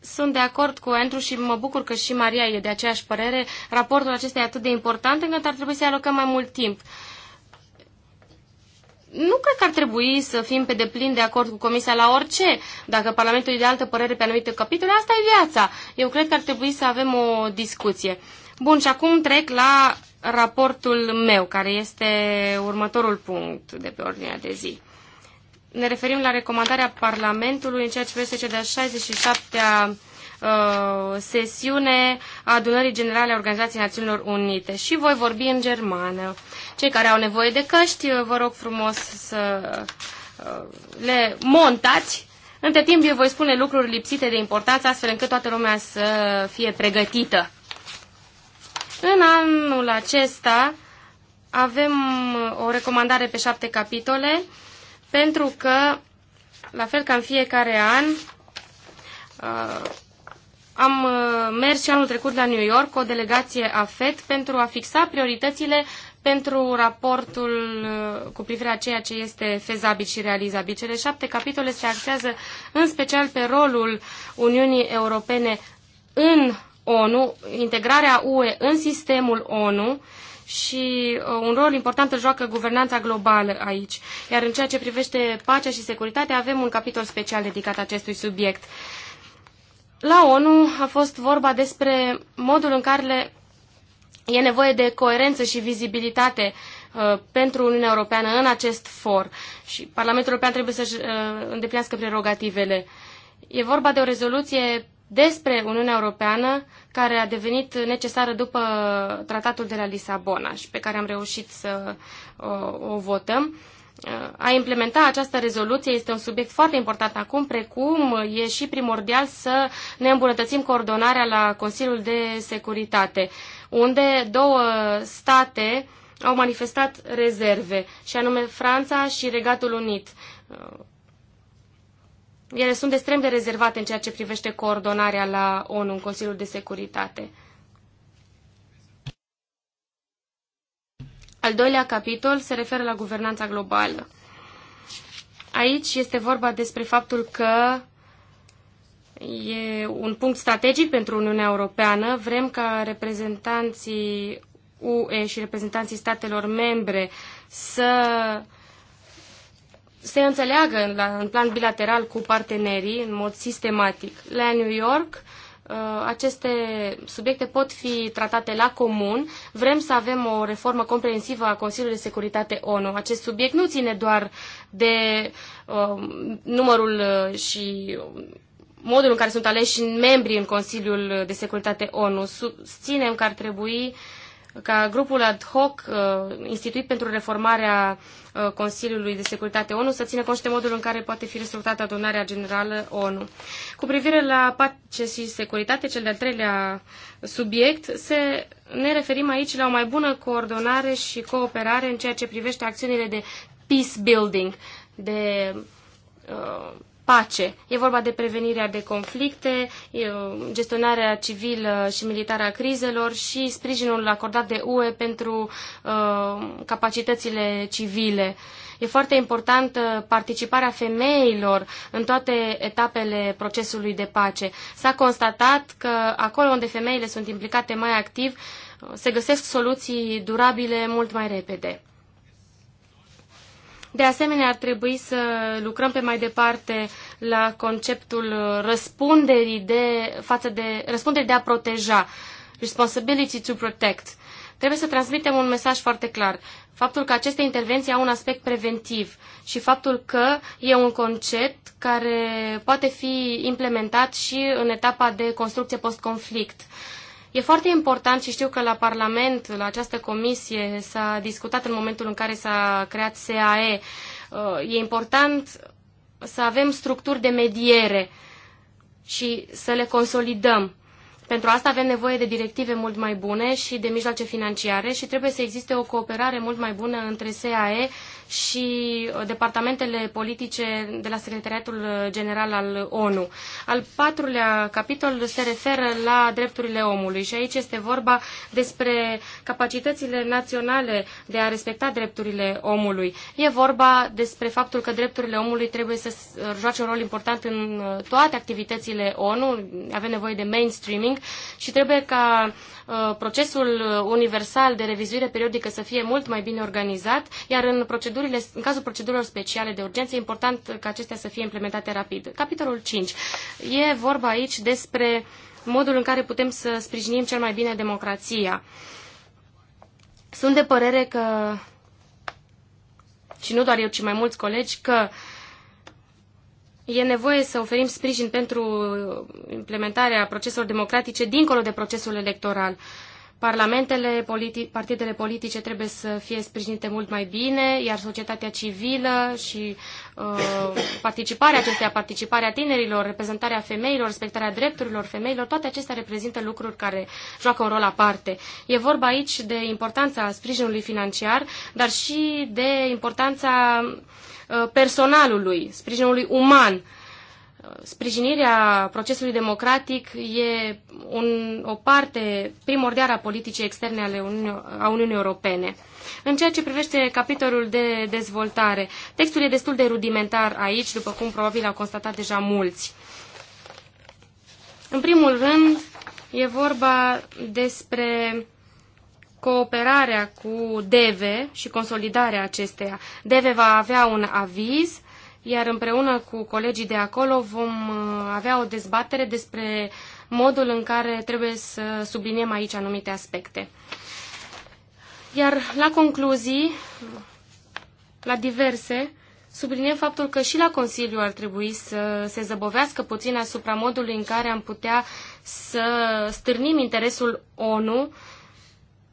C: Sunt de acord cu Andrew și mă bucur că și Maria e de aceeași părere. Raportul acesta e atât de important încât ar trebui să-i alocăm mai mult timp. Nu cred că ar trebui să fim pe deplin de acord cu Comisia la orice. Dacă Parlamentul e de altă părere pe anumite capitole, asta e viața. Eu cred că ar trebui să avem o discuție. Bun, și acum trec la raportul meu, care este următorul punct de pe ordinea de zi. Ne referim la recomandarea Parlamentului în ceea ce privește cea de-a 67-a uh, sesiune a adunării generale a Organizației Națiunilor Unite și voi vorbi în germană. Cei care au nevoie de căști, uh, vă rog frumos să uh, le montați. Între timp eu voi spune lucruri lipsite de importanță, astfel încât toată lumea să fie pregătită. În anul acesta avem uh, o recomandare pe șapte capitole, pentru că, la fel ca în fiecare an, uh, am uh, mers și anul trecut la New York, o delegație a FED, pentru a fixa prioritățile pentru raportul cu privire la ceea ce este fezabil și realizabil. Cele șapte capitole se axează în special pe rolul Uniunii Europene în ONU, integrarea UE în sistemul ONU și uh, un rol important îl joacă guvernanța globală aici. Iar în ceea ce privește pacea și securitatea, avem un capitol special dedicat acestui subiect. La ONU a fost vorba despre modul în care e nevoie de coerență și vizibilitate uh, pentru Uniunea Europeană în acest for și Parlamentul European trebuie să-și uh, îndeplinească prerogativele. E vorba de o rezoluție despre Uniunea Europeană care a devenit necesară după tratatul de la Lisabona și pe care am reușit să o, o votăm. A implementa această rezoluție este un subiect foarte important acum, precum e și primordial să ne îmbunătățim coordonarea la Consiliul de Securitate, unde două state au manifestat rezerve, și anume Franța și Regatul Unit ele sunt extrem de rezervate în ceea ce privește coordonarea la ONU, în Consiliul de Securitate. Al doilea capitol se referă la guvernanța globală. Aici este vorba despre faptul că e un punct strategic pentru Uniunea Europeană. Vrem ca reprezentanții UE și reprezentanții statelor membre să se înțeleagă în, la, în plan bilateral cu partenerii în mod sistematic. La New York, uh, aceste subiecte pot fi tratate la comun. Vrem să avem o reformă comprehensivă a Consiliului de Securitate ONU. Acest subiect nu ține doar de uh, numărul uh, și modul în care sunt aleși membrii în Consiliul de Securitate ONU. Susținem că ar trebui uh, ca grupul ad hoc uh, instituit pentru reformarea uh, Consiliului de Securitate ONU să țină conștient modul în care poate fi rezultată adunarea generală ONU. Cu privire la pace și securitate, cel de-al treilea subiect, se, ne referim aici la o mai bună coordonare și cooperare în ceea ce privește acțiunile de peace building, de uh, pace. E vorba de prevenirea de conflicte, gestionarea civilă și militară a crizelor și sprijinul acordat de UE pentru uh, capacitățile civile. E foarte importantă uh, participarea femeilor în toate etapele procesului de pace. S-a constatat că acolo unde femeile sunt implicate mai activ, uh, se găsesc soluții durabile mult mai repede. De asemenea, ar trebui să lucrăm pe mai departe la conceptul răspunderii de, față de, răspunderii de a proteja, responsibility to protect. Trebuie să transmitem un mesaj foarte clar. Faptul că aceste intervenții au un aspect preventiv și faptul că e un concept care poate fi implementat și în etapa de construcție post-conflict. Uh, E foarte important și știu că la Parlament, la această comisie, s-a discutat în momentul în care s-a creat SAE. Uh, e important să avem structuri de mediere și să le consolidăm. Pentru asta avem nevoie de directive mult mai bune și de mijloace financiare și trebuie să existe o cooperare mult mai bună între SAE și uh, departamentele politice de la Secretariatul uh, General al ONU. Al patrulea capitol se referă la drepturile omului și aici este vorba despre capacitățile naționale de a respecta drepturile omului. E vorba despre faptul că drepturile omului trebuie să uh, joace un rol important în toate activitățile ONU, avem nevoie de mainstreaming și trebuie ca uh, procesul universal de revizuire periodică să fie mult mai bine organizat, iar în, procedurile, în cazul procedurilor speciale de urgență e important ca acestea să fie implementate rapid. Capitolul 5. E vorba aici despre modul în care putem să sprijinim cel mai bine democrația. Sunt de părere că, și nu doar eu, ci mai mulți colegi, că uh, E nevoie să oferim sprijin pentru implementarea proceselor democratice dincolo de procesul electoral. Parlamentele, politi partidele politice trebuie să fie sprijinite mult mai bine, iar societatea civilă și uh, participarea acesteia, participarea tinerilor, reprezentarea femeilor, respectarea drepturilor femeilor, toate acestea reprezintă lucruri care joacă un rol aparte. E vorba aici de importanța sprijinului financiar, dar și de importanța uh, Uh, personalului, sprijinului uman. Uh, sprijinirea procesului democratic e un, o parte primordială a politicii externe ale Uni a Uniunii Europene. În ceea ce privește capitolul de dezvoltare, textul e destul de rudimentar aici, după cum probabil au constatat deja mulți. În primul rând, e vorba despre cooperarea cu DEVE și consolidarea acesteia. DEVE va avea un aviz, iar împreună cu colegii de acolo vom uh, avea o dezbatere despre modul în care trebuie să subliniem aici anumite aspecte. Iar la concluzii, la diverse, subliniem faptul că și la Consiliu ar trebui să se zăbovească puțin asupra modului în care am putea să stârnim interesul ONU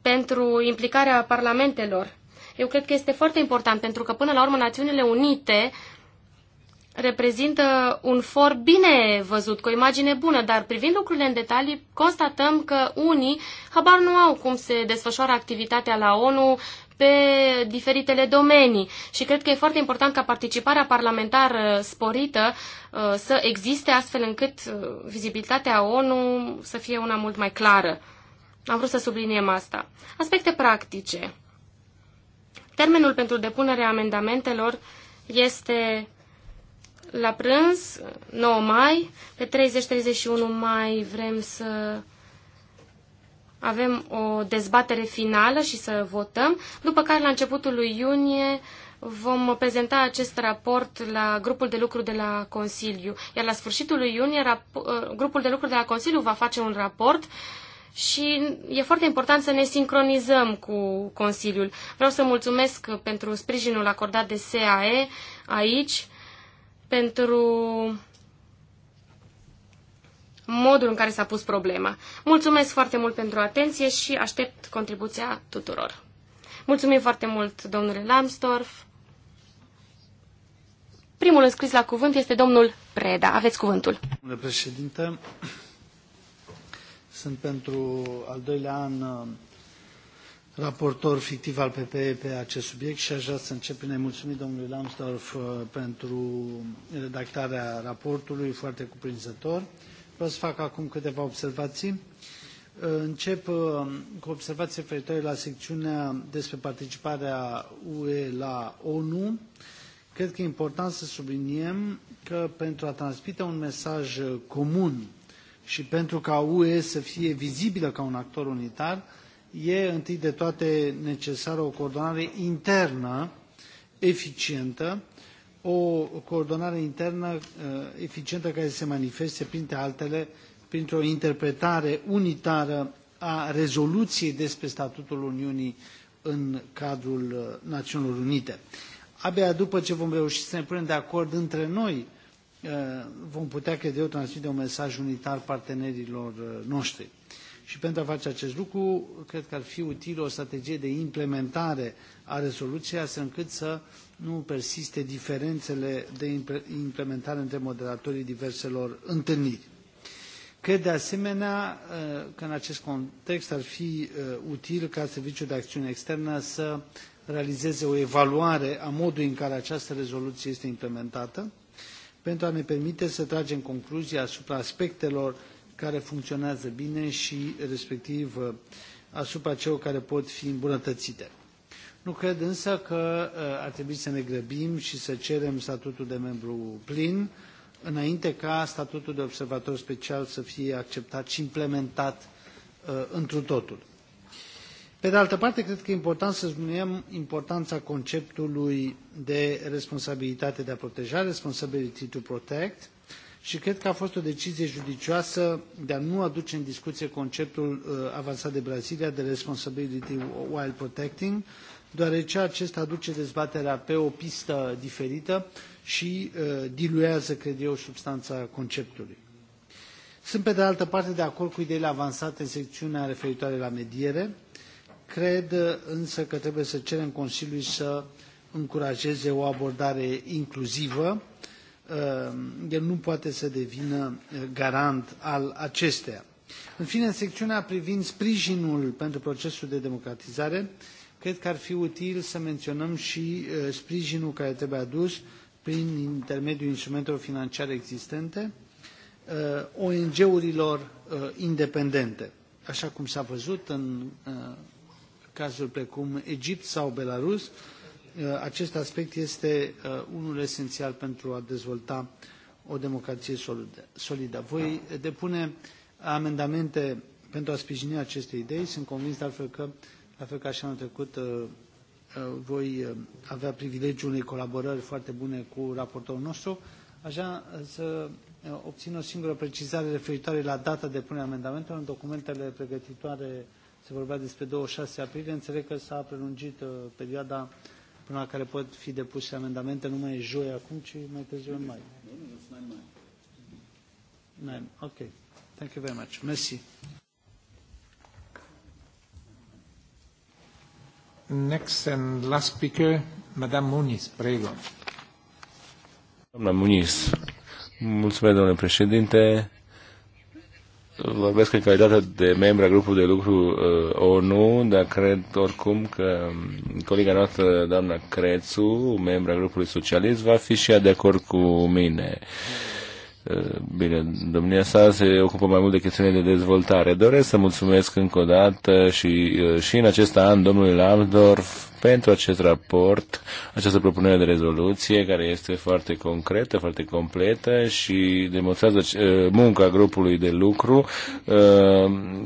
C: pentru implicarea parlamentelor. Eu cred că este foarte important pentru că până la urmă Națiunile Unite reprezintă un for bine văzut, cu o imagine bună, dar privind lucrurile în detalii, constatăm că unii habar nu au cum se desfășoară activitatea la ONU pe diferitele domenii și cred că e foarte important ca participarea parlamentară sporită uh, să existe astfel încât uh, vizibilitatea ONU să fie una mult mai clară. Am vrut să subliniem asta. Aspecte practice. Termenul pentru depunerea amendamentelor este la prânz, 9 mai, pe 30-31 mai vrem să avem o dezbatere finală și să votăm, după care la începutul lui iunie vom prezenta acest raport la grupul de lucru de la Consiliu. Iar la sfârșitul lui iunie, ă, grupul de lucru de la Consiliu va face un raport uh, și e foarte important să ne sincronizăm cu Consiliul. Vreau să mulțumesc pentru sprijinul acordat de SAE aici, pentru modul în care s-a pus problema. Mulțumesc foarte mult pentru atenție și aștept contribuția tuturor. Mulțumim foarte mult, domnule Lambsdorff. Primul înscris la cuvânt este domnul Preda. Aveți cuvântul.
D: Domnule președinte, sunt pentru al doilea an uh, raportor fictiv al PPE pe acest subiect și aș vrea să încep prin a-i mulțumi domnului Lambsdorff uh, pentru redactarea raportului foarte cuprinzător. Vreau să fac acum câteva observații. Uh, încep cu observații referitoare la secțiunea despre participarea UE la ONU. Cred că e important să subliniem că pentru a transmite un mesaj comun și pentru ca UE să fie vizibilă ca un actor unitar, e întâi de toate necesară o coordonare internă eficientă, o coordonare internă ă, eficientă care se manifeste, printre altele, printr-o interpretare unitară a rezoluției despre statutul Uniunii în cadrul ă, Națiunilor Unite. Abia după ce vom reuși să ne punem de acord între noi Eh, vom putea, cred eu, transmite un mesaj unitar partenerilor eh, noștri. Și pentru a face acest lucru, cred că ar fi utilă o strategie de implementare a rezoluției, astfel încât să nu persiste diferențele de implementare între moderatorii diverselor întâlniri. Cred de asemenea eh, că în acest context ar fi util ca Serviciul de Acțiune Externă să realizeze o evaluare a modului în care această rezoluție este implementată, pentru a ne permite să tragem concluzii asupra aspectelor care funcționează bine și, respectiv, asupra celor care pot fi îmbunătățite. Nu cred însă că uh, ar trebui să ne grăbim și să cerem statutul de membru plin, înainte ca statutul de observator special să fie acceptat și implementat uh, întru totul. Pe de altă parte, cred că e important să subliniem importanța conceptului de responsabilitate de a proteja, responsibility to protect, și cred că a fost o decizie judicioasă de a nu aduce în discuție conceptul uh, avansat de Brazilia de responsibility while protecting, deoarece acesta aduce dezbaterea pe o pistă diferită și uh, diluează, cred eu, substanța conceptului. Sunt, pe de altă parte, de acord cu ideile avansate în secțiunea referitoare la mediere, Cred însă că trebuie să cerem Consiliului să încurajeze o abordare inclusivă. Uh, el nu poate să devină uh, garant al acesteia. În fine, în secțiunea privind sprijinul pentru procesul de democratizare, cred că ar fi util să menționăm și uh, sprijinul care trebuie adus prin intermediul instrumentelor financiare existente ONG-urilor independente. Așa cum s-a văzut în cazuri precum Egipt sau Belarus, uh, acest aspect este uh, unul esențial pentru a dezvolta o democrație solidă. Voi da. depune amendamente pentru a sprijini aceste idei. Sunt convins de altfel că, la fel ca și anul trecut, uh, voi avea privilegiul unei colaborări foarte bune cu raportorul nostru. Așa să obțin o singură precizare referitoare la data de punere amendamentelor în documentele pregătitoare se vorbea despre 26 aprilie, înțeleg că s-a prelungit perioada până la care pot fi depuse amendamente, nu mai e joi acum, ci mai târziu în mai. Nine. ok. Thank you very much. Merci.
B: Next and last speaker, Madame Muniz, prego. Doamna Muniz, mulțumesc, domnule președinte vorbesc în calitate de membru a grupului de lucru uh, ONU, dar cred oricum că um, colega noastră, doamna Crețu, membru a grupului socialist, va fi și ea de acord cu mine. Uh, bine, domnia sa se ocupă mai mult de chestiune de dezvoltare. Doresc să mulțumesc încă o dată și, uh, și în acest an domnului Lambdorf pentru acest raport, această propunere de rezoluție care este foarte concretă, foarte completă și demonstrează uh, munca grupului de lucru, uh,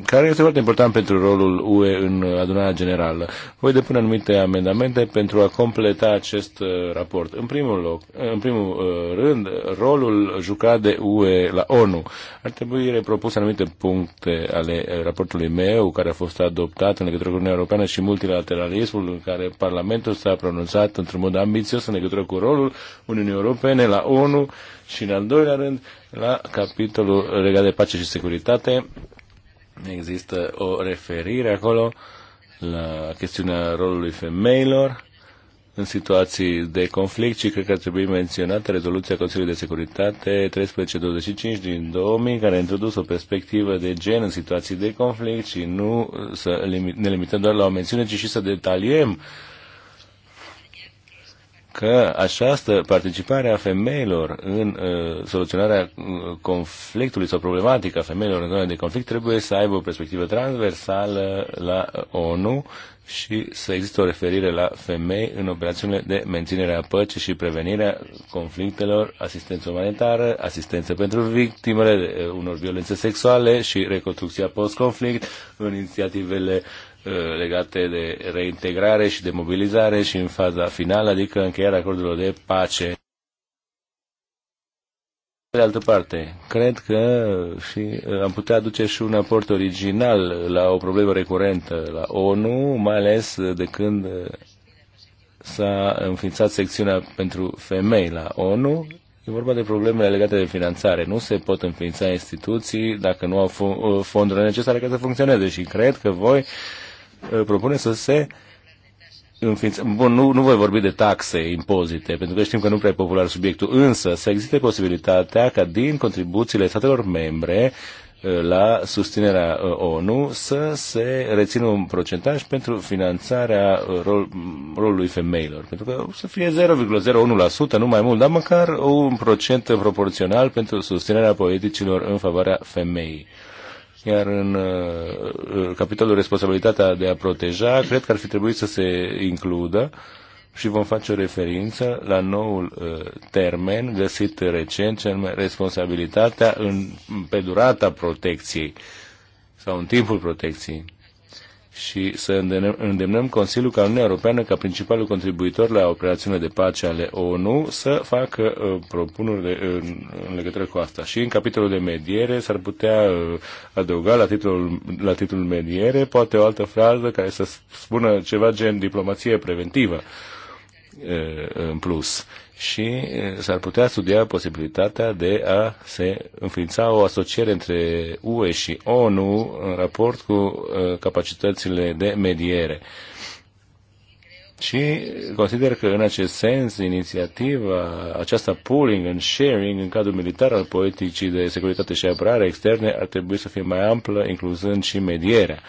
B: care este foarte important pentru rolul UE în adunarea generală. Voi depune anumite amendamente pentru a completa acest uh, raport. În primul, loc, în primul rând, rolul jucat de UE la ONU. Ar trebui repropus anumite puncte ale raportului meu care a fost adoptat în legătură cu Uniunea Europeană și multilateralismul în care care Parlamentul s-a pronunțat într-un mod ambițios în legătură cu rolul Uniunii Europene la ONU și, în al doilea rând, la capitolul legat de pace și securitate. Există o referire acolo la chestiunea rolului femeilor în situații de conflict și cred că ar trebui menționată rezoluția Consiliului de Securitate 1325 din 2000, care a introdus o perspectivă de gen în situații de conflict și nu să ne limităm doar la o mențiune, ci și să detaliem că această participare a femeilor în uh, soluționarea uh, conflictului sau problematica femeilor în zona de conflict trebuie să aibă o perspectivă transversală la uh, ONU și să există o referire la femei în operațiunile de menținere a păcii și prevenirea conflictelor, asistență umanitară, asistență pentru victimele eh, unor violențe sexuale și reconstrucția post-conflict în inițiativele eh, legate de reintegrare și de mobilizare și în faza finală, adică încheierea acordurilor de pace. Pe de altă parte, cred că și uh, am putea aduce și un aport original la o problemă recurentă la ONU, mai ales uh, de când uh, s-a înființat secțiunea pentru femei la ONU. E vorba de problemele legate de finanțare. Nu se pot înființa instituții dacă nu au fondurile necesare ca să funcționeze și cred că voi propuneți să se uh, înființ... Bun, nu, nu voi vorbi de taxe, impozite, pentru că știm că nu prea e popular subiectul, însă să existe posibilitatea ca din contribuțiile statelor membre uh, la susținerea uh, ONU să se rețină un procentaj pentru finanțarea uh, rol, rolului femeilor. Pentru că să fie 0,01%, nu mai mult, dar măcar un procent proporțional pentru susținerea politicilor în favoarea femeii. Iar în uh, uh, capitolul responsabilitatea de a proteja, cred că ar fi trebuit să se includă și vom face o referință la noul uh, termen găsit recent, cel mai responsabilitatea în, pe durata protecției sau în timpul protecției și să îndemnăm Consiliul ca Uniunea Europeană, ca principalul contribuitor la operațiunile de pace ale ONU, să facă uh, propuneri de, în, în legătură cu asta. Și în capitolul de mediere s-ar putea uh, adăuga la titlul, la titlul mediere poate o altă frază care să spună ceva gen diplomație preventivă uh, în plus și s-ar putea studia posibilitatea de a se înființa o asociere între UE și ONU în raport cu capacitățile de mediere. Și consider că în acest sens inițiativa aceasta pooling and sharing în cadrul militar al politicii de securitate și apărare externe ar trebui să fie mai amplă, incluzând și medierea.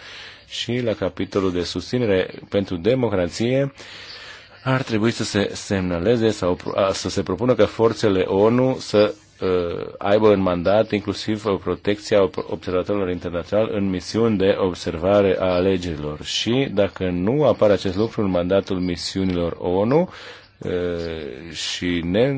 B: Și la capitolul de susținere pentru democrație, uh, ar trebui să se semnaleze sau să se propună ca forțele ONU să ă, aibă în mandat inclusiv o ă, protecție a observatorilor internaționali în misiuni de observare a alegerilor. Și dacă nu apare acest lucru în mandatul misiunilor ONU, ă, și ne,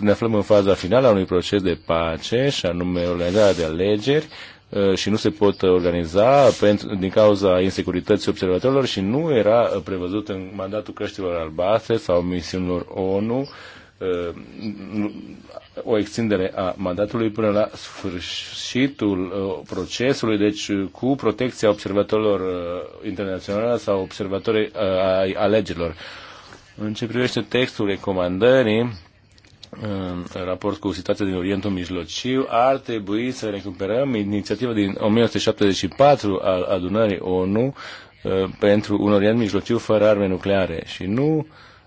B: ne aflăm în faza finală a unui proces de pace, și anume organizarea de alegeri, Uh, și nu se pot organiza pentru, din cauza insecurității observatorilor și nu era prevăzut în mandatul căștilor albastre sau misiunilor ONU uh, o extindere a mandatului până la sfârșitul uh, procesului, deci cu protecția observatorilor internaționale sau observatorii alegerilor. În ce privește textul recomandării, în raport cu situația din Orientul Mijlociu, ar trebui să recuperăm inițiativa din 1974 al adunării ONU uh, pentru un Orient Mijlociu fără arme nucleare și nu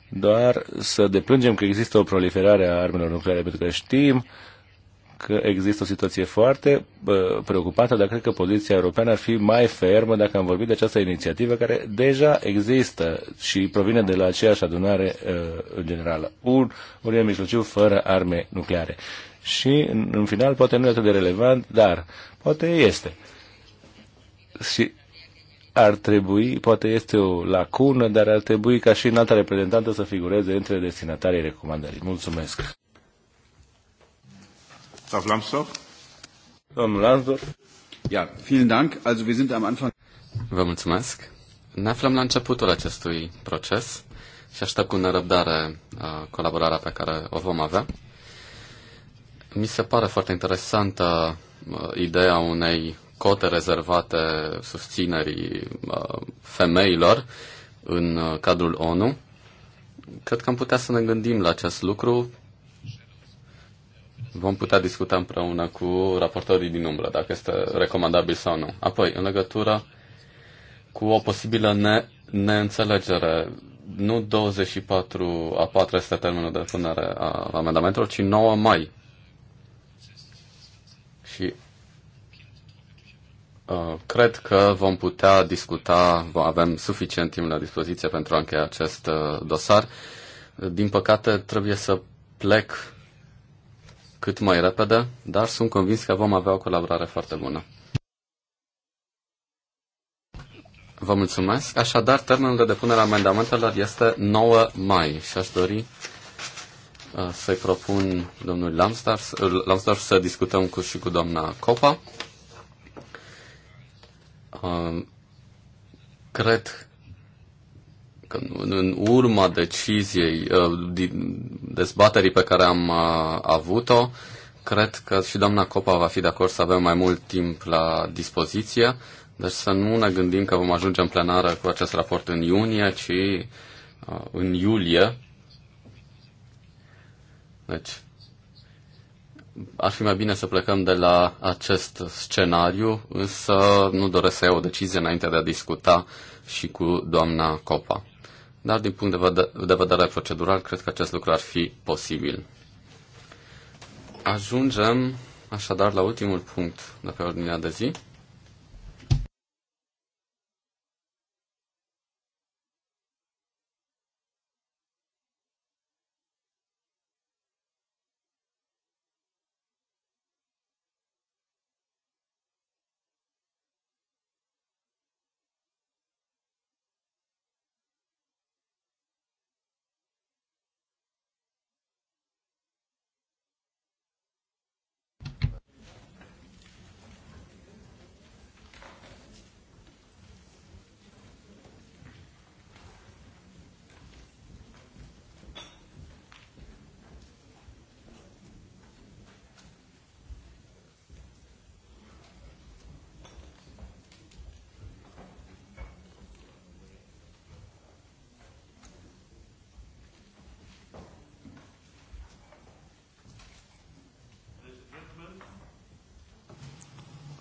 B: doar să deplângem că există o proliferare a armelor nucleare, pentru că știm uh, că există o situație foarte uh, preocupată, dar cred că poziția europeană ar fi mai fermă dacă am vorbit de această inițiativă care deja există și provine de la aceeași adunare uh, ă, generală. Un Orient Mijlociu fără arme nucleare. Și, în, în final, poate nu e atât de relevant, dar poate este. Și ar trebui, poate este o lacună, dar ar trebui ca și în alta reprezentantă să figureze între destinatarii recomandării. Mulțumesc! Auf Lambsdorff? Domnul Lambsdorff. Ja, vielen Dank. Also wir sind am Anfang.
A: Vă mulțumesc. Ne aflăm la începutul acestui proces și aștept cu nerăbdare uh, colaborarea pe care o vom avea. Mi se pare foarte interesantă uh, ideea unei cote rezervate susținerii uh, femeilor în cadrul ONU. Cred că am putea să ne gândim la acest lucru vom putea discuta împreună cu raportorii din umbră, dacă este recomandabil sau nu. Apoi, în legătură cu o posibilă ne- neînțelegere, nu 24 a 4 este termenul de punere a amendamentelor, ci 9 mai. Și uh, cred că vom putea discuta, avem suficient timp la dispoziție pentru a încheia acest uh, dosar. Din păcate, trebuie să plec cât mai repede, dar sunt convins că vom avea o colaborare foarte bună. Vă mulțumesc. Așadar, termenul de depunere a amendamentelor este 9 mai și aș dori uh, să-i propun domnului Lamstar Lamsdorf uh, să discutăm cu și cu doamna Copa. Uh, cred că în urma deciziei, ă, dezbaterii pe care am ă, avut-o, cred că și doamna Copa va fi de acord să avem mai mult timp la dispoziție, deci să nu ne gândim că vom ajunge în plenară cu acest raport în iunie, ci ă, în iulie. Deci, ar fi mai bine să plecăm de la acest scenariu, însă nu doresc să iau o decizie înainte de a discuta și cu doamna Copa dar din punct de vedere, de vedere procedural cred că acest lucru ar fi posibil. Ajungem așadar la ultimul punct de pe ordinea de zi.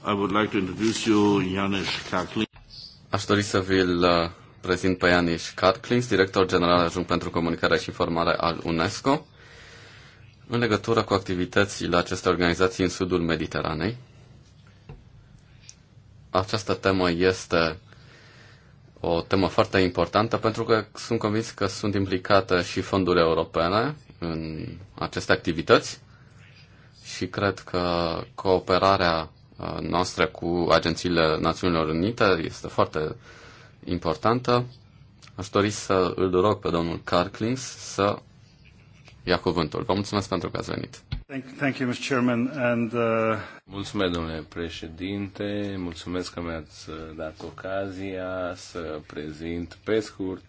A: I would like to introduce you Aș dori să vi-l uh, prezint pe Janis Karklins, director general ajung pentru comunicare și informare al UNESCO, în legătură cu activitățile acestei organizații în sudul Mediteranei. Această temă este o temă foarte importantă pentru că sunt convins că sunt implicate și fonduri europene în aceste activități și cred că cooperarea Uh, noastră cu agențiile Națiunilor Unite este foarte importantă. Aș dori să îl rog pe domnul Carclins să ia cuvântul. Vă mulțumesc pentru că ați venit.
B: Thank, thank you, Mr. Chairman, and, uh... Mulțumesc, domnule președinte, mulțumesc că mi-ați dat ocazia să prezint pe scurt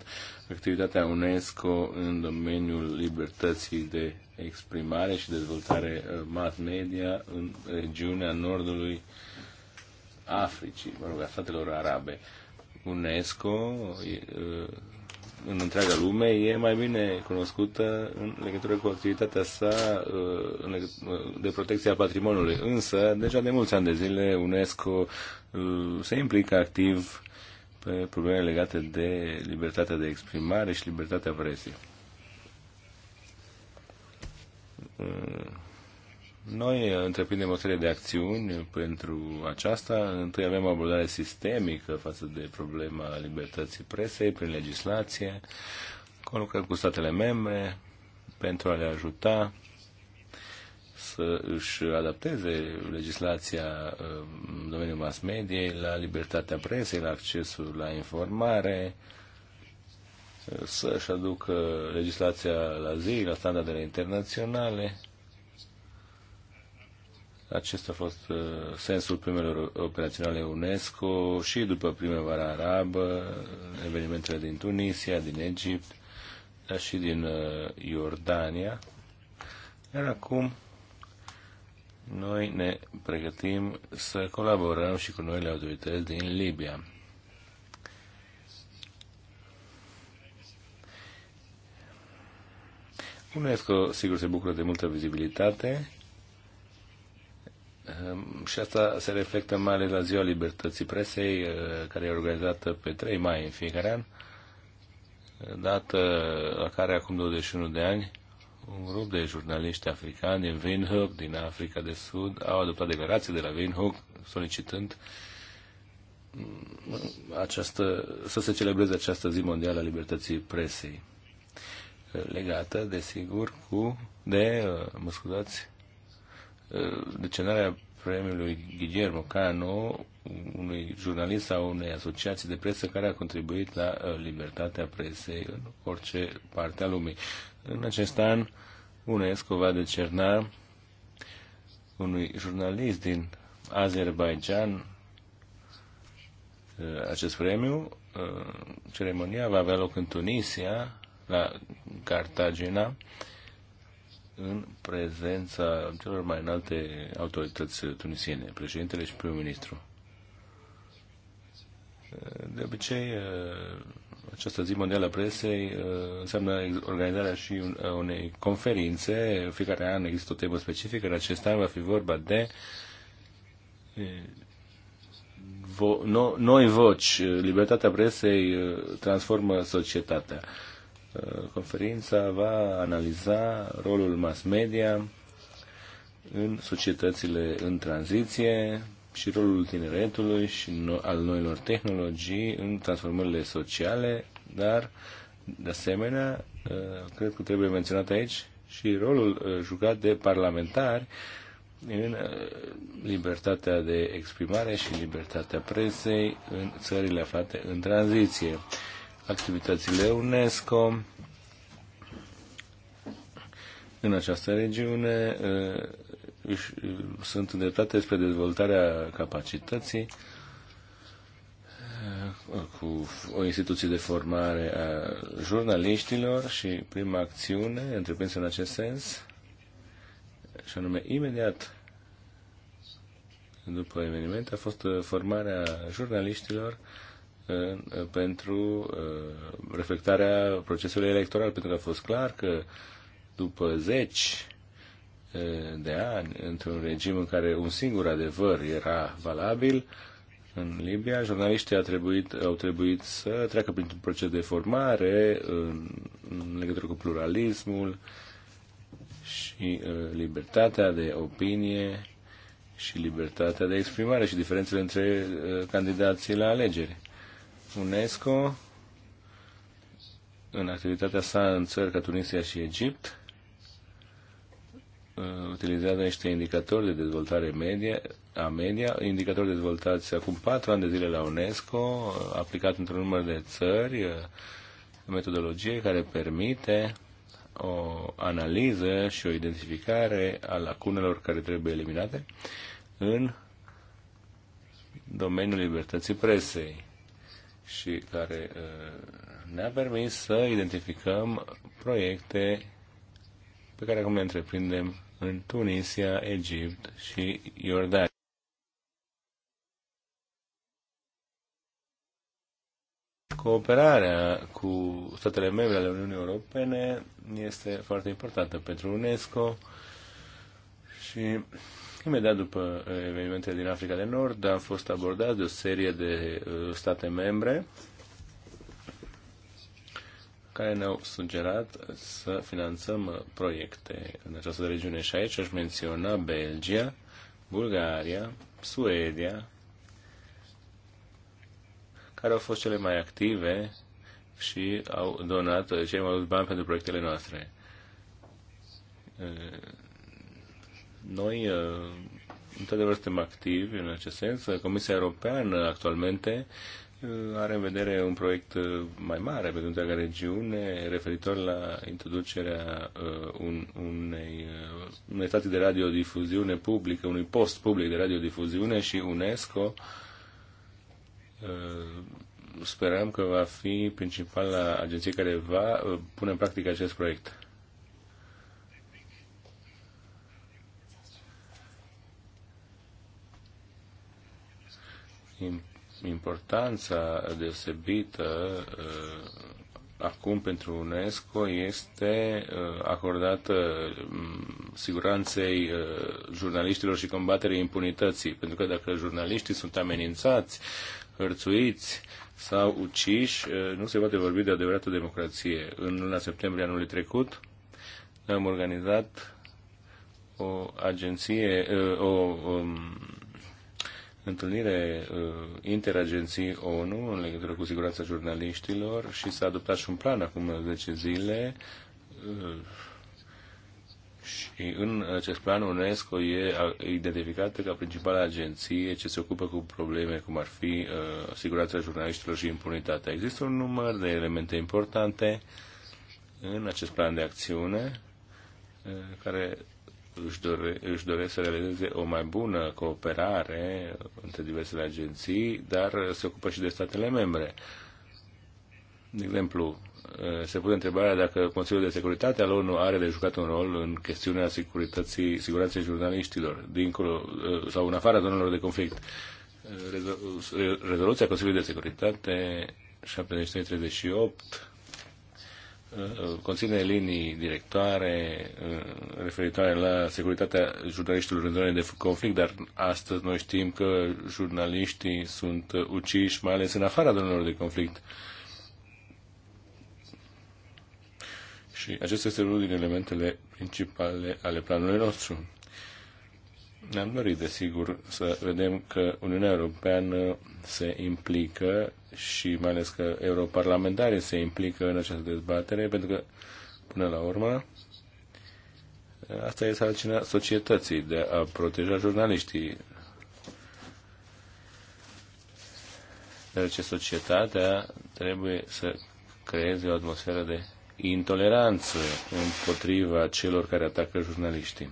B: activitatea UNESCO în domeniul libertății de exprimare și dezvoltare uh, mass media în regiunea nordului Africii, mă rog, a statelor arabe. UNESCO uh, în întreaga lume e mai bine cunoscută în legătură cu activitatea sa uh, de protecție a patrimoniului. Însă, deja de mulți ani de zile, UNESCO se implică activ pe probleme legate de libertatea de exprimare și libertatea presiei. Noi întreprindem o serie de acțiuni pentru aceasta. Întâi avem o abordare sistemică față de problema libertății presei prin legislație, conlucrăm cu statele membre pentru a le ajuta să își adapteze legislația um, în domeniul mass mediei la libertatea presei, la accesul la informare, să-și aducă legislația la zi, la standardele internaționale. Acesta a fost uh, sensul primelor operaționale UNESCO și după primăvara arabă, evenimentele din Tunisia, din Egipt, dar și din uh, Iordania. Iar acum noi ne pregătim să colaborăm și cu noile autorități din Libia. UNESCO, sigur, se bucură de multă vizibilitate um, și asta se reflectă mai ales la Ziua Libertății Presei, uh, care e organizată pe 3 mai în fiecare an, dată la care acum 21 de ani un grup de jurnaliști africani din Windhoek, din Africa de Sud, au adoptat declarații de la Windhoek solicitând mm, această, să se celebreze această zi mondială a libertății presei legată, desigur, cu de, uh, mă scuzați, uh, decenarea premiului Guillermo Cano, unui jurnalist sau unei asociații de presă care a contribuit la uh, libertatea presei în orice parte a lumii. În acest an, UNESCO va decerna unui jurnalist din Azerbaijan uh, acest premiu. Uh, ceremonia va avea loc în Tunisia, la Cartagena, în prezența celor mai înalte autorități tunisiene, președintele și prim-ministru. Uh, de obicei, această zi mondială presei uh, înseamnă organizarea și uh, unei conferințe. În fiecare an există o temă specifică. În acest an va fi vorba de uh, vo, no, noi voci. Libertatea presei transformă societatea. Conferința va analiza rolul mass media în societățile în tranziție, și rolul tineretului și no- al noilor tehnologii în transformările sociale, dar, de asemenea, uh, cred că trebuie menționat aici și rolul uh, jucat de parlamentari în uh, libertatea de exprimare și libertatea presei în țările aflate în tranziție. Activitățile UNESCO în această regiune își, sunt îndreptate spre dezvoltarea capacității eh, cu o instituție de formare a jurnaliștilor și prima acțiune întreprinsă în acest sens, și anume imediat după eveniment, a fost eh, formarea jurnaliștilor eh, pentru reflectarea procesului electoral, pentru că a fost clar că după zeci Eh, de ani, într-un regim în care un singur adevăr era valabil, în Libia, jurnaliștii au trebuit, au trebuit să treacă printr-un proces de formare în, în legătură cu pluralismul și uh, libertatea de opinie și libertatea de exprimare și diferențele între uh, candidații la alegeri. UNESCO, în activitatea sa în țări ca Tunisia și Egipt, Uh, utilizează niște indicatori de dezvoltare media, a media, indicatori dezvoltați acum patru ani de zile la UNESCO, uh, aplicat într-un număr de țări, uh, metodologie care permite o analiză și o identificare a lacunelor care trebuie eliminate în domeniul libertății presei și care ne-a permis să identificăm proiecte pe care acum le întreprindem în Tunisia, Egipt și Iordania. Cooperarea cu statele membre ale Uniunii Europene este foarte importantă pentru UNESCO și imediat după eh, evenimentele din Africa de Nord a fost abordat de o serie de eh, state membre care ne-au sugerat să finanțăm proiecte în această regiune. Și aici aș menționa Belgia, Bulgaria, Suedia, care au fost cele mai active și au donat cei mai mulți bani pentru proiectele noastre. Noi, uh, într-adevăr, suntem activi în acest sens. Comisia Europeană actualmente Uh, are în vedere un proiect uh, mai mare pentru întreaga regiune referitor la introducerea uh, un, unei, unei stații de radiodifuziune publică, unui post public de radiodifuziune și UNESCO sperăm că va fi principala agenție care va pune în practică acest proiect. Importanța deosebită uh, acum pentru UNESCO este uh, acordată mm, siguranței uh, jurnaliștilor și combaterii impunității, pentru că dacă jurnaliștii sunt amenințați, hărțuiți sau uciși, nu se poate vorbi de adevărată democrație. În luna septembrie anului trecut am organizat o agenție, o, o um, întâlnire uh, interagenții ONU în legătură cu siguranța jurnaliștilor și s-a adoptat și un plan acum 10 zile uh, și în acest plan UNESCO e identificată ca principală agenție ce se ocupă cu probleme cum ar fi uh, siguranța jurnaliștilor și impunitatea. Există un număr de elemente importante în acest plan de acțiune uh, care își, dore, își doresc să realizeze o mai bună cooperare între diversele agenții, dar se ocupă și de statele membre. De exemplu, se pune întrebarea dacă Consiliul de Securitate al ONU are de jucat un rol în chestiunea securității, siguranței jurnaliștilor, dincolo sau în afara zonelor de conflict. Rezoluția Consiliului de Securitate 7338 conține linii directoare uh, referitoare la securitatea jurnaliștilor în zone de conflict, dar astăzi noi știm că jurnaliștii sunt uciși, mai ales în afara zonelor de conflict. Și acesta este unul din elementele principale ale planului nostru. Ne-am dorit, desigur, să vedem că Uniunea Europeană se implică și mai ales că europarlamentarii se implică în această dezbatere, pentru că, până la urmă, asta este sarcina societății de a proteja jurnaliștii. Deoarece societatea trebuie să creeze o atmosferă de intoleranță împotriva celor care atacă jurnaliștii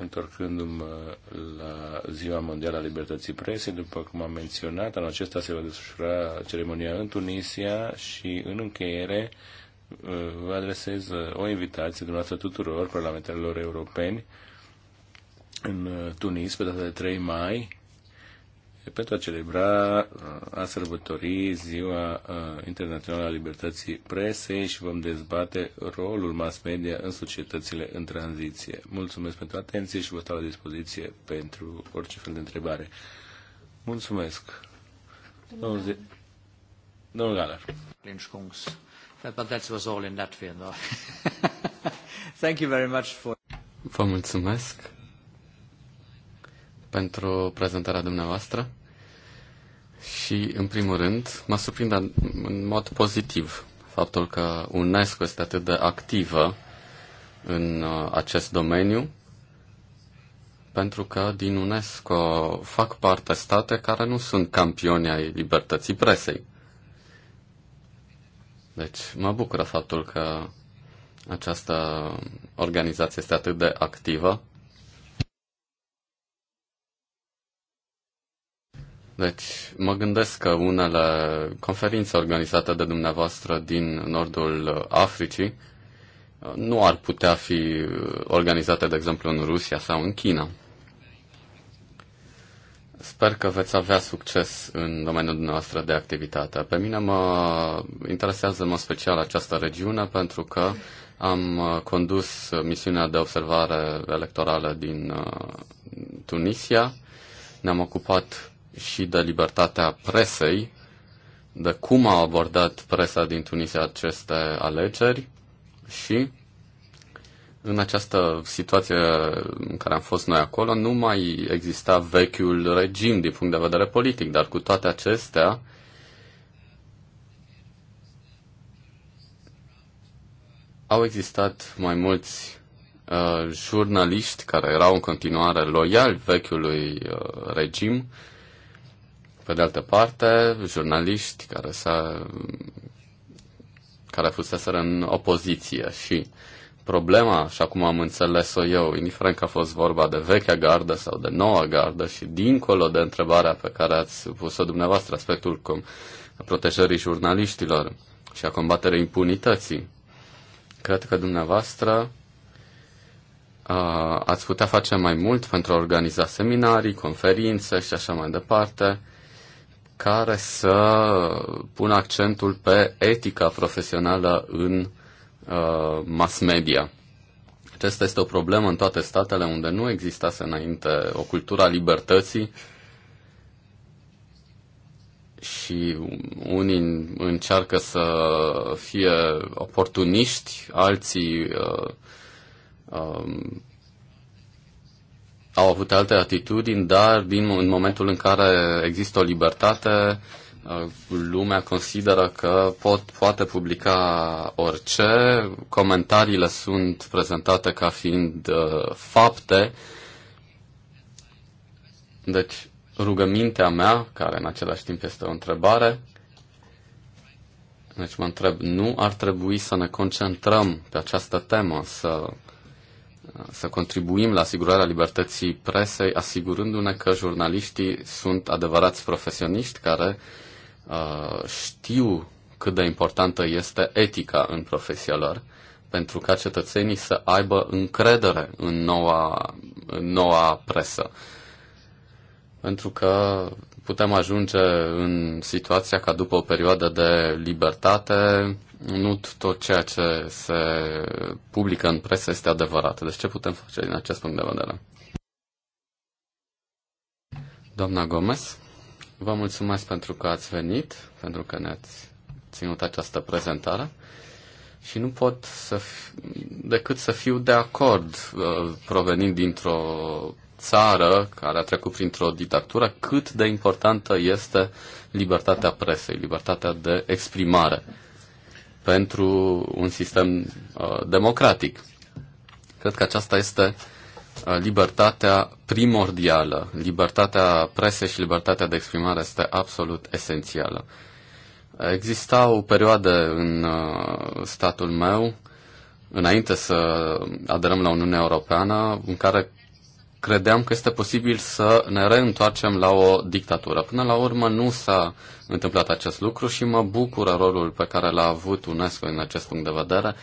B: întorcându-mă la Ziua Mondială a Libertății Presei, după cum am menționat, anul acesta se va desfășura ceremonia în Tunisia și în încheiere vă adresez o invitație dumneavoastră tuturor parlamentarilor europeni în Tunis pe data de 3 mai pentru a celebra, a sărbători Ziua Internațională a Libertății Presei și vom dezbate rolul mass media în societățile în tranziție. Mulțumesc pentru atenție și vă stau la dispoziție pentru orice fel de întrebare. Mulțumesc. Domnul, Galar. But that was all in
A: Thank you very much for... Vă mulțumesc pentru prezentarea dumneavoastră. Și, în primul rând, mă surprinde în mod pozitiv faptul că UNESCO este atât de activă în uh, acest domeniu, pentru că din UNESCO fac parte state care nu sunt campioni ai libertății presei. Deci mă bucură faptul că această organizație este atât de activă Deci, mă gândesc că unele conferințe organizate de dumneavoastră din nordul Africii uh, nu ar putea fi uh, organizate, de exemplu, în Rusia sau în China. Sper că veți avea succes în domeniul dumneavoastră de activitate. Pe mine mă interesează în mod special această regiune pentru că am uh, condus misiunea de observare electorală din Tunisia. Ne-am ocupat și de libertatea presei, de cum a abordat presa din Tunisia aceste alegeri și în această situație în care am fost noi acolo, nu mai exista vechiul regim din punct de vedere politic, dar cu toate acestea, au existat mai mulți uh, jurnaliști care erau în continuare loiali vechiului uh, regim pe de altă parte, jurnaliști care, s-a, care fuseseră în opoziție și problema, așa cum am înțeles-o eu, indiferent că a fost vorba de vechea gardă sau de noua gardă și dincolo de întrebarea pe care ați pus-o dumneavoastră, aspectul cum protejării jurnaliștilor și a combaterii impunității, cred că dumneavoastră ați putea face mai mult pentru a organiza seminarii, conferințe și așa mai departe, care să pună accentul pe etica profesională în uh, mass media. Acesta este o problemă în toate statele unde nu existase înainte o cultură a libertății și unii încearcă să fie oportuniști, alții uh, um, au avut alte atitudini, dar din, în momentul în care există o libertate, uh, lumea consideră că pot, poate publica orice, comentariile sunt prezentate ca fiind uh, fapte. Deci, rugămintea mea, care în același timp este o întrebare, deci mă întreb, nu ar trebui să ne concentrăm pe această temă, să să contribuim la asigurarea libertății presei, asigurându-ne că jurnaliștii sunt adevărați profesioniști care uh, știu cât de importantă este etica în profesia lor, pentru ca cetățenii să aibă încredere în noua, în noua presă. Pentru că putem ajunge în situația ca după o perioadă de libertate, nu tot ceea ce se publică în presă este adevărat. Deci ce putem face din acest punct de vedere? Doamna Gomez, vă mulțumesc pentru că ați venit, pentru că ne-ați ținut această prezentare și nu pot să fi, decât să fiu de acord uh, provenind dintr-o țară care a trecut printr-o dictatură, cât de importantă este libertatea presei, libertatea de exprimare pentru un sistem uh, democratic. Cred că aceasta este uh, libertatea primordială. Libertatea presei și libertatea de exprimare este absolut esențială. Existau perioade în uh, statul meu, înainte să aderăm la Uniunea Europeană, în care credeam că este posibil să ne reîntoarcem la o dictatură. Până la urmă nu s-a întâmplat acest lucru și mă bucură rolul pe care l-a avut UNESCO în acest punct de vedere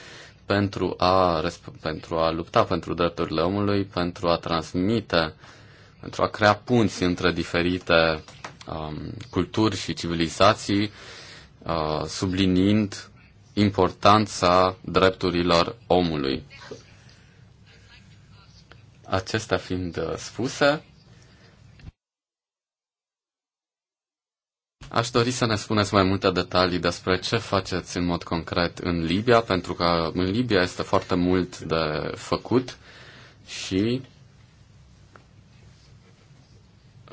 A: pentru a, pentru a lupta pentru drepturile omului, pentru a transmite, pentru a crea punți între diferite um, culturi și civilizații, uh, subliniind importanța drepturilor omului acesta fiind uh, spuse, Aș dori să ne spuneți mai multe detalii despre ce faceți în mod concret în Libia, pentru că în Libia este foarte mult de făcut și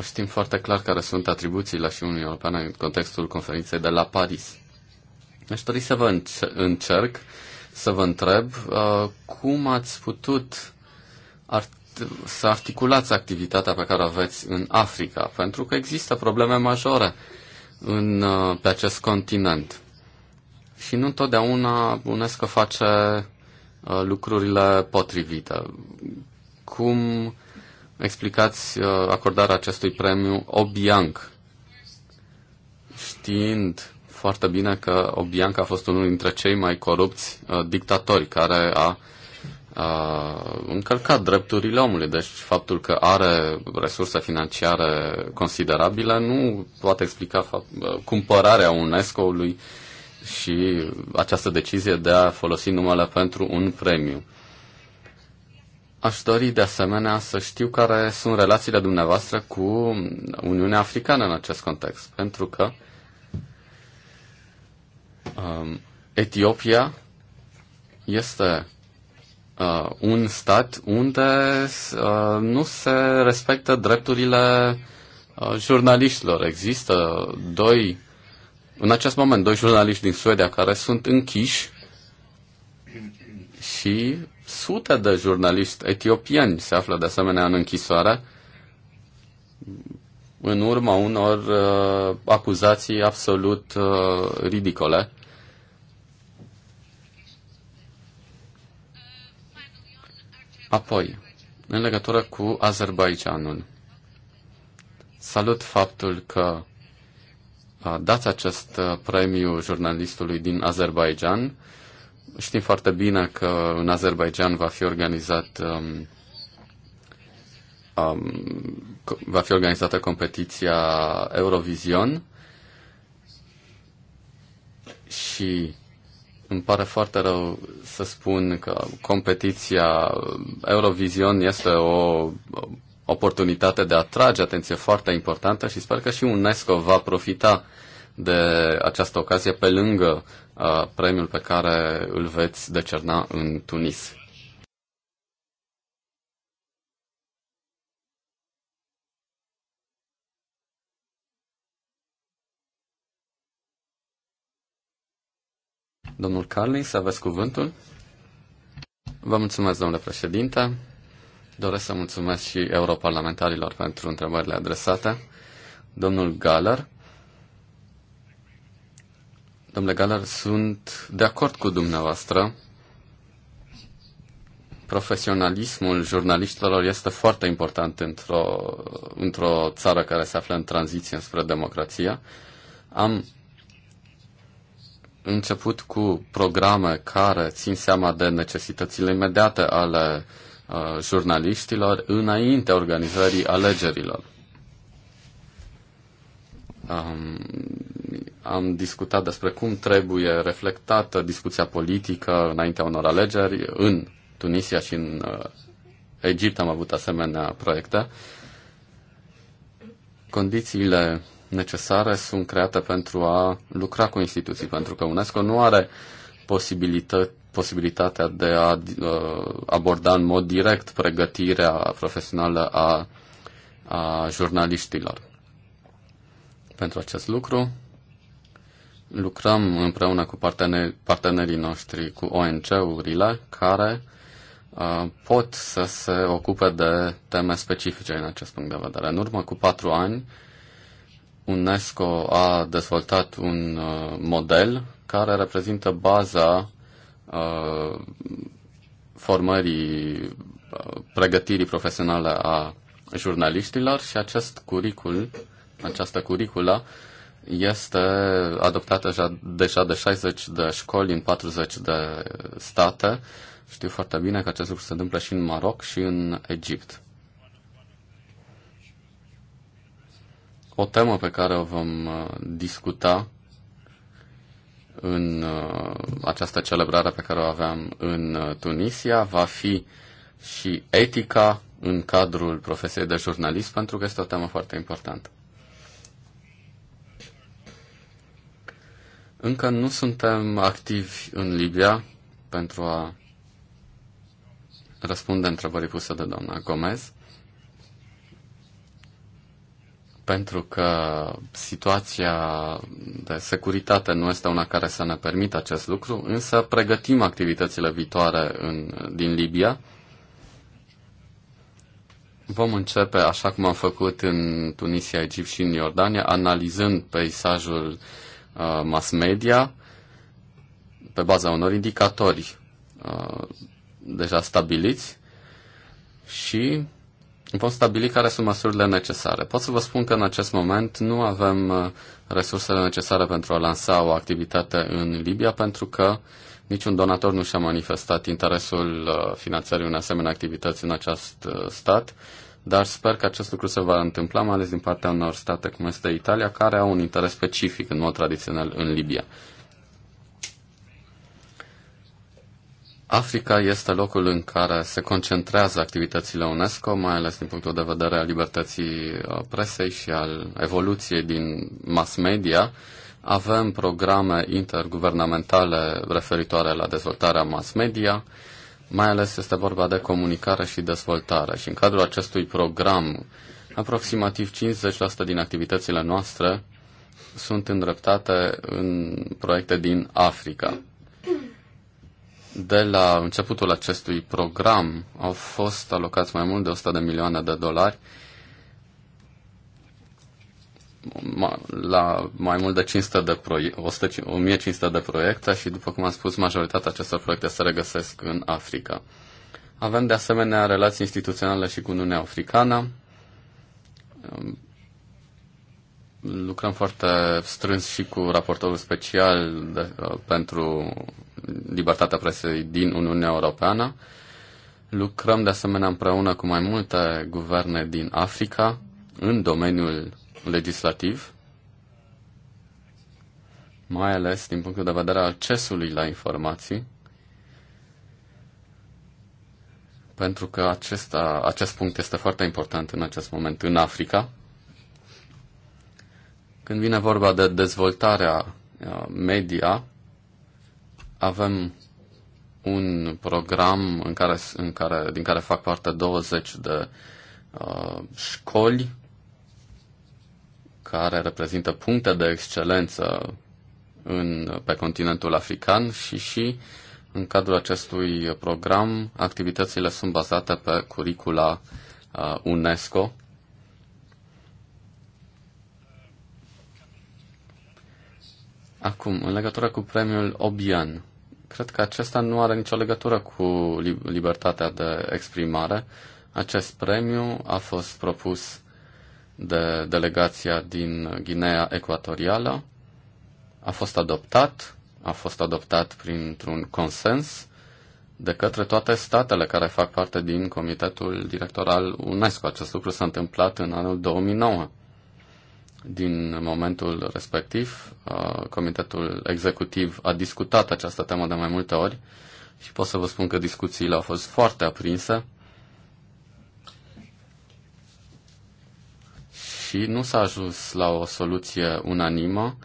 A: știm foarte clar care sunt atribuțiile și Uniunii Europene în contextul conferinței de la Paris. Aș dori să vă încerc să vă întreb uh, cum ați putut ar să articulați activitatea pe care o aveți în Africa, pentru că există probleme majore în, uh, pe acest continent. Și nu întotdeauna UNESCO face uh, lucrurile potrivite. Cum explicați uh, acordarea acestui premiu obiang? știind foarte bine că obiang a fost unul dintre cei mai corupți dictatori care a a încălcat drepturile omului. Deci faptul că are resurse financiare considerabile nu poate explica fapt, cumpărarea UNESCO-ului și această decizie de a folosi numele pentru un premiu. Aș dori de asemenea să știu care sunt relațiile dumneavoastră cu Uniunea Africană în acest context, pentru că um, Etiopia este uh, un stat unde uh, nu se respectă drepturile uh, jurnaliștilor. Există doi, în acest moment, doi jurnaliști din Suedia care sunt închiși și sute de jurnaliști etiopieni se află de asemenea în închisoare în urma unor uh, acuzații absolut uh, ridicole Apoi, în legătură cu Azerbaijanul, salut faptul că dați acest premiu jurnalistului din Azerbaijan. Știm foarte bine că în Azerbaijan va fi organizat um, um, va fi organizată competiția Eurovision și îmi pare foarte rău să spun că competiția Eurovision este o oportunitate de a atrage atenție foarte importantă și sper că și UNESCO va profita de această ocazie pe lângă uh, premiul pe care îl veți decerna în Tunis. Domnul Carlin, să aveți cuvântul. Vă mulțumesc, domnule președinte. Doresc să mulțumesc și europarlamentarilor pentru întrebările adresate. Domnul Galar. Domnule Galar, sunt de acord cu dumneavoastră. Profesionalismul jurnaliștilor este foarte important într-o, într-o țară care se află în tranziție spre democrație. Am început cu programe care țin seama de necesitățile imediate ale uh, jurnaliștilor înainte organizării alegerilor. Um, am discutat despre cum trebuie reflectată discuția politică înaintea unor alegeri în Tunisia și în uh, Egipt am avut asemenea proiecte. Condițiile necesare sunt create pentru a lucra cu instituții, pentru că UNESCO nu are posibilitatea de a uh, aborda în mod direct pregătirea profesională a, a jurnaliștilor. Pentru acest lucru lucrăm împreună cu parteneri, partenerii noștri, cu ONG-urile, care uh, pot să se ocupe de teme specifice în acest punct de vedere. În urmă cu patru ani, UNESCO a dezvoltat un uh, model care reprezintă baza uh, formării, uh, pregătirii profesionale a jurnaliștilor și acest curicul, această curicula este adoptată deja, deja de 60 de școli în 40 de state. Știu foarte bine că acest lucru se întâmplă și în Maroc și în Egipt. o temă pe care o vom uh, discuta în uh, această celebrare pe care o aveam în uh, Tunisia va fi și etica în cadrul profesiei de jurnalist, pentru că este o temă foarte importantă. Încă nu suntem activi în Libia pentru a răspunde întrebării puse de doamna Gomez. pentru că situația de securitate nu este una care să ne permită acest lucru, însă pregătim activitățile viitoare în, din Libia. Vom începe, așa cum am făcut în Tunisia, Egipt și în Iordania, analizând peisajul uh, mass media pe baza unor indicatori uh, deja stabiliți și Pot stabili care sunt măsurile necesare. Pot să vă spun că în acest moment nu avem uh, resursele necesare pentru a lansa o activitate în Libia, pentru că niciun donator nu și-a manifestat interesul uh, finanțării unei asemenea activități în acest uh, stat, dar sper că acest lucru se va întâmpla, mai ales din partea unor state cum este Italia, care au un interes specific în mod tradițional în Libia. Africa este locul în care se concentrează activitățile UNESCO, mai ales din punctul de vedere al libertății uh, presei și al evoluției din mass media. Avem programe interguvernamentale referitoare la dezvoltarea mass media, mai ales este vorba de comunicare și dezvoltare. Și în cadrul acestui program, aproximativ 50% din activitățile noastre sunt îndreptate în proiecte din Africa. De la începutul acestui program au fost alocați mai mult de 100 de milioane de dolari la mai mult de 500 de proiecte, 1500 de proiecte și, după cum am spus, majoritatea acestor proiecte se regăsesc în Africa. Avem, de asemenea, relații instituționale și cu Uniunea Africană. Lucrăm foarte strâns și cu raportorul special de, uh, pentru libertatea presei din Uniunea Europeană. Lucrăm de asemenea împreună cu mai multe guverne din Africa în domeniul legislativ, mai ales din punctul de vedere al accesului la informații, pentru că acesta, acest punct este foarte important în acest moment în Africa. Când vine vorba de dezvoltarea uh, media, avem un program în care, în care, din care fac parte 20 de uh, școli care reprezintă puncte de excelență în, pe continentul african și și în cadrul acestui program activitățile sunt bazate pe curicula uh, UNESCO. Acum, în legătură cu premiul Obian, cred că acesta nu are nicio legătură cu libertatea de exprimare. Acest premiu a fost propus de delegația din Guinea Ecuatorială, a fost adoptat, a fost adoptat printr-un consens de către toate statele care fac parte din Comitetul Director al UNESCO. Acest lucru s-a întâmplat în anul 2009 din momentul respectiv. Uh, comitetul executiv a discutat această temă de mai multe ori și pot să vă spun că discuțiile au fost foarte aprinse și nu s-a ajuns la o soluție unanimă.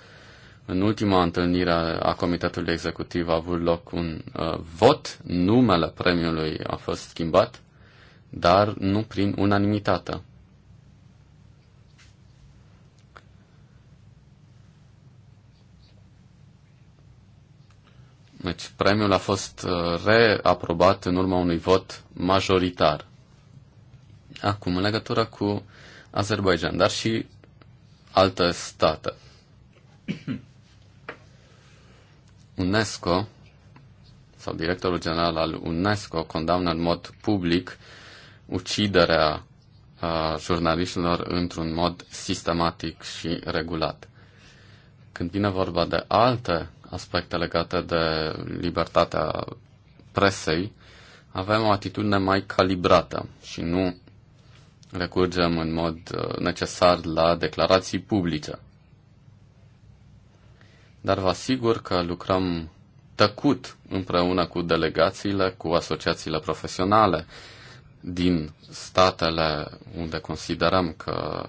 A: În ultima întâlnire a Comitetului Executiv a avut loc un uh, vot, numele premiului a fost schimbat, dar nu prin unanimitate. Deci premiul a fost uh, reaprobat în urma unui vot majoritar. Acum, în legătură cu Azerbaijan, dar și alte state. UNESCO sau directorul general al UNESCO condamnă în mod public uciderea a uh, jurnaliștilor într-un mod sistematic și regulat. Când vine vorba de alte aspecte legate de libertatea presei, avem o atitudine mai calibrată și nu recurgem în mod uh, necesar la declarații publice. Dar vă asigur că lucrăm tăcut împreună cu delegațiile, cu asociațiile profesionale din statele unde considerăm că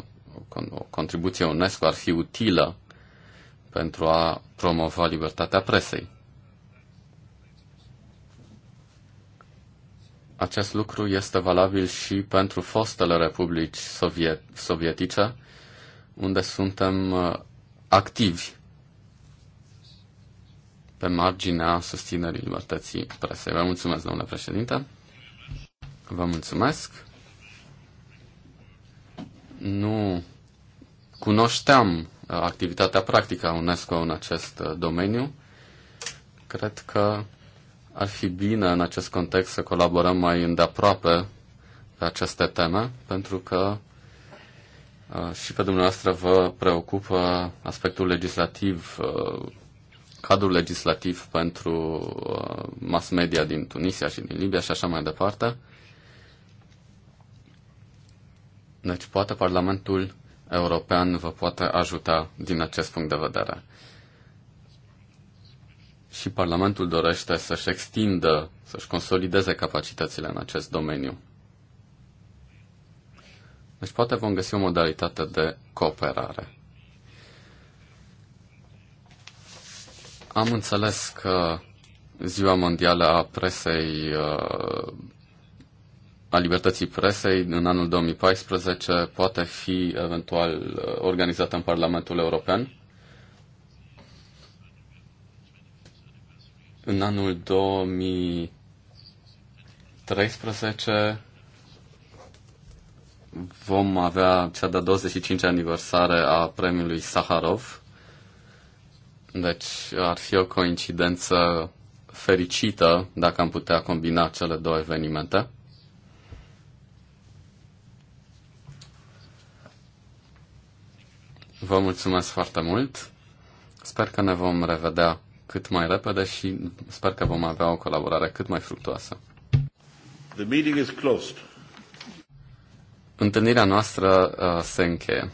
A: o contribuție UNESCO ar fi utilă pentru a promova libertatea presei. Acest lucru este valabil și pentru fostele republici soviet- sovietice, unde suntem uh, activi pe marginea susținerii libertății presei. Vă mulțumesc, domnule președinte. Vă mulțumesc. Nu cunoșteam activitatea practică a UNESCO în acest uh, domeniu. Cred că ar fi bine în acest context să colaborăm mai îndeaproape pe aceste teme, pentru că uh, și pe dumneavoastră vă preocupă aspectul legislativ, uh, cadrul legislativ pentru mass media din Tunisia și din Libia și așa mai departe. Deci poate Parlamentul european vă poate ajuta din acest punct de vedere. Și Parlamentul dorește să-și extindă, să-și consolideze capacitățile în acest domeniu. Deci poate vom găsi o modalitate de cooperare. Am înțeles că Ziua Mondială a Presei uh, a libertății presei în anul 2014 poate fi eventual organizată în Parlamentul European? În anul 2013 vom avea cea de-a 25 aniversare a premiului Saharov. Deci ar fi o coincidență fericită dacă am putea combina cele două evenimente. Vă mulțumesc foarte mult. Sper că ne vom revedea cât mai repede și sper că vom avea o colaborare cât mai fructuoasă.
B: The meeting is closed.
A: Întâlnirea noastră uh, se încheie.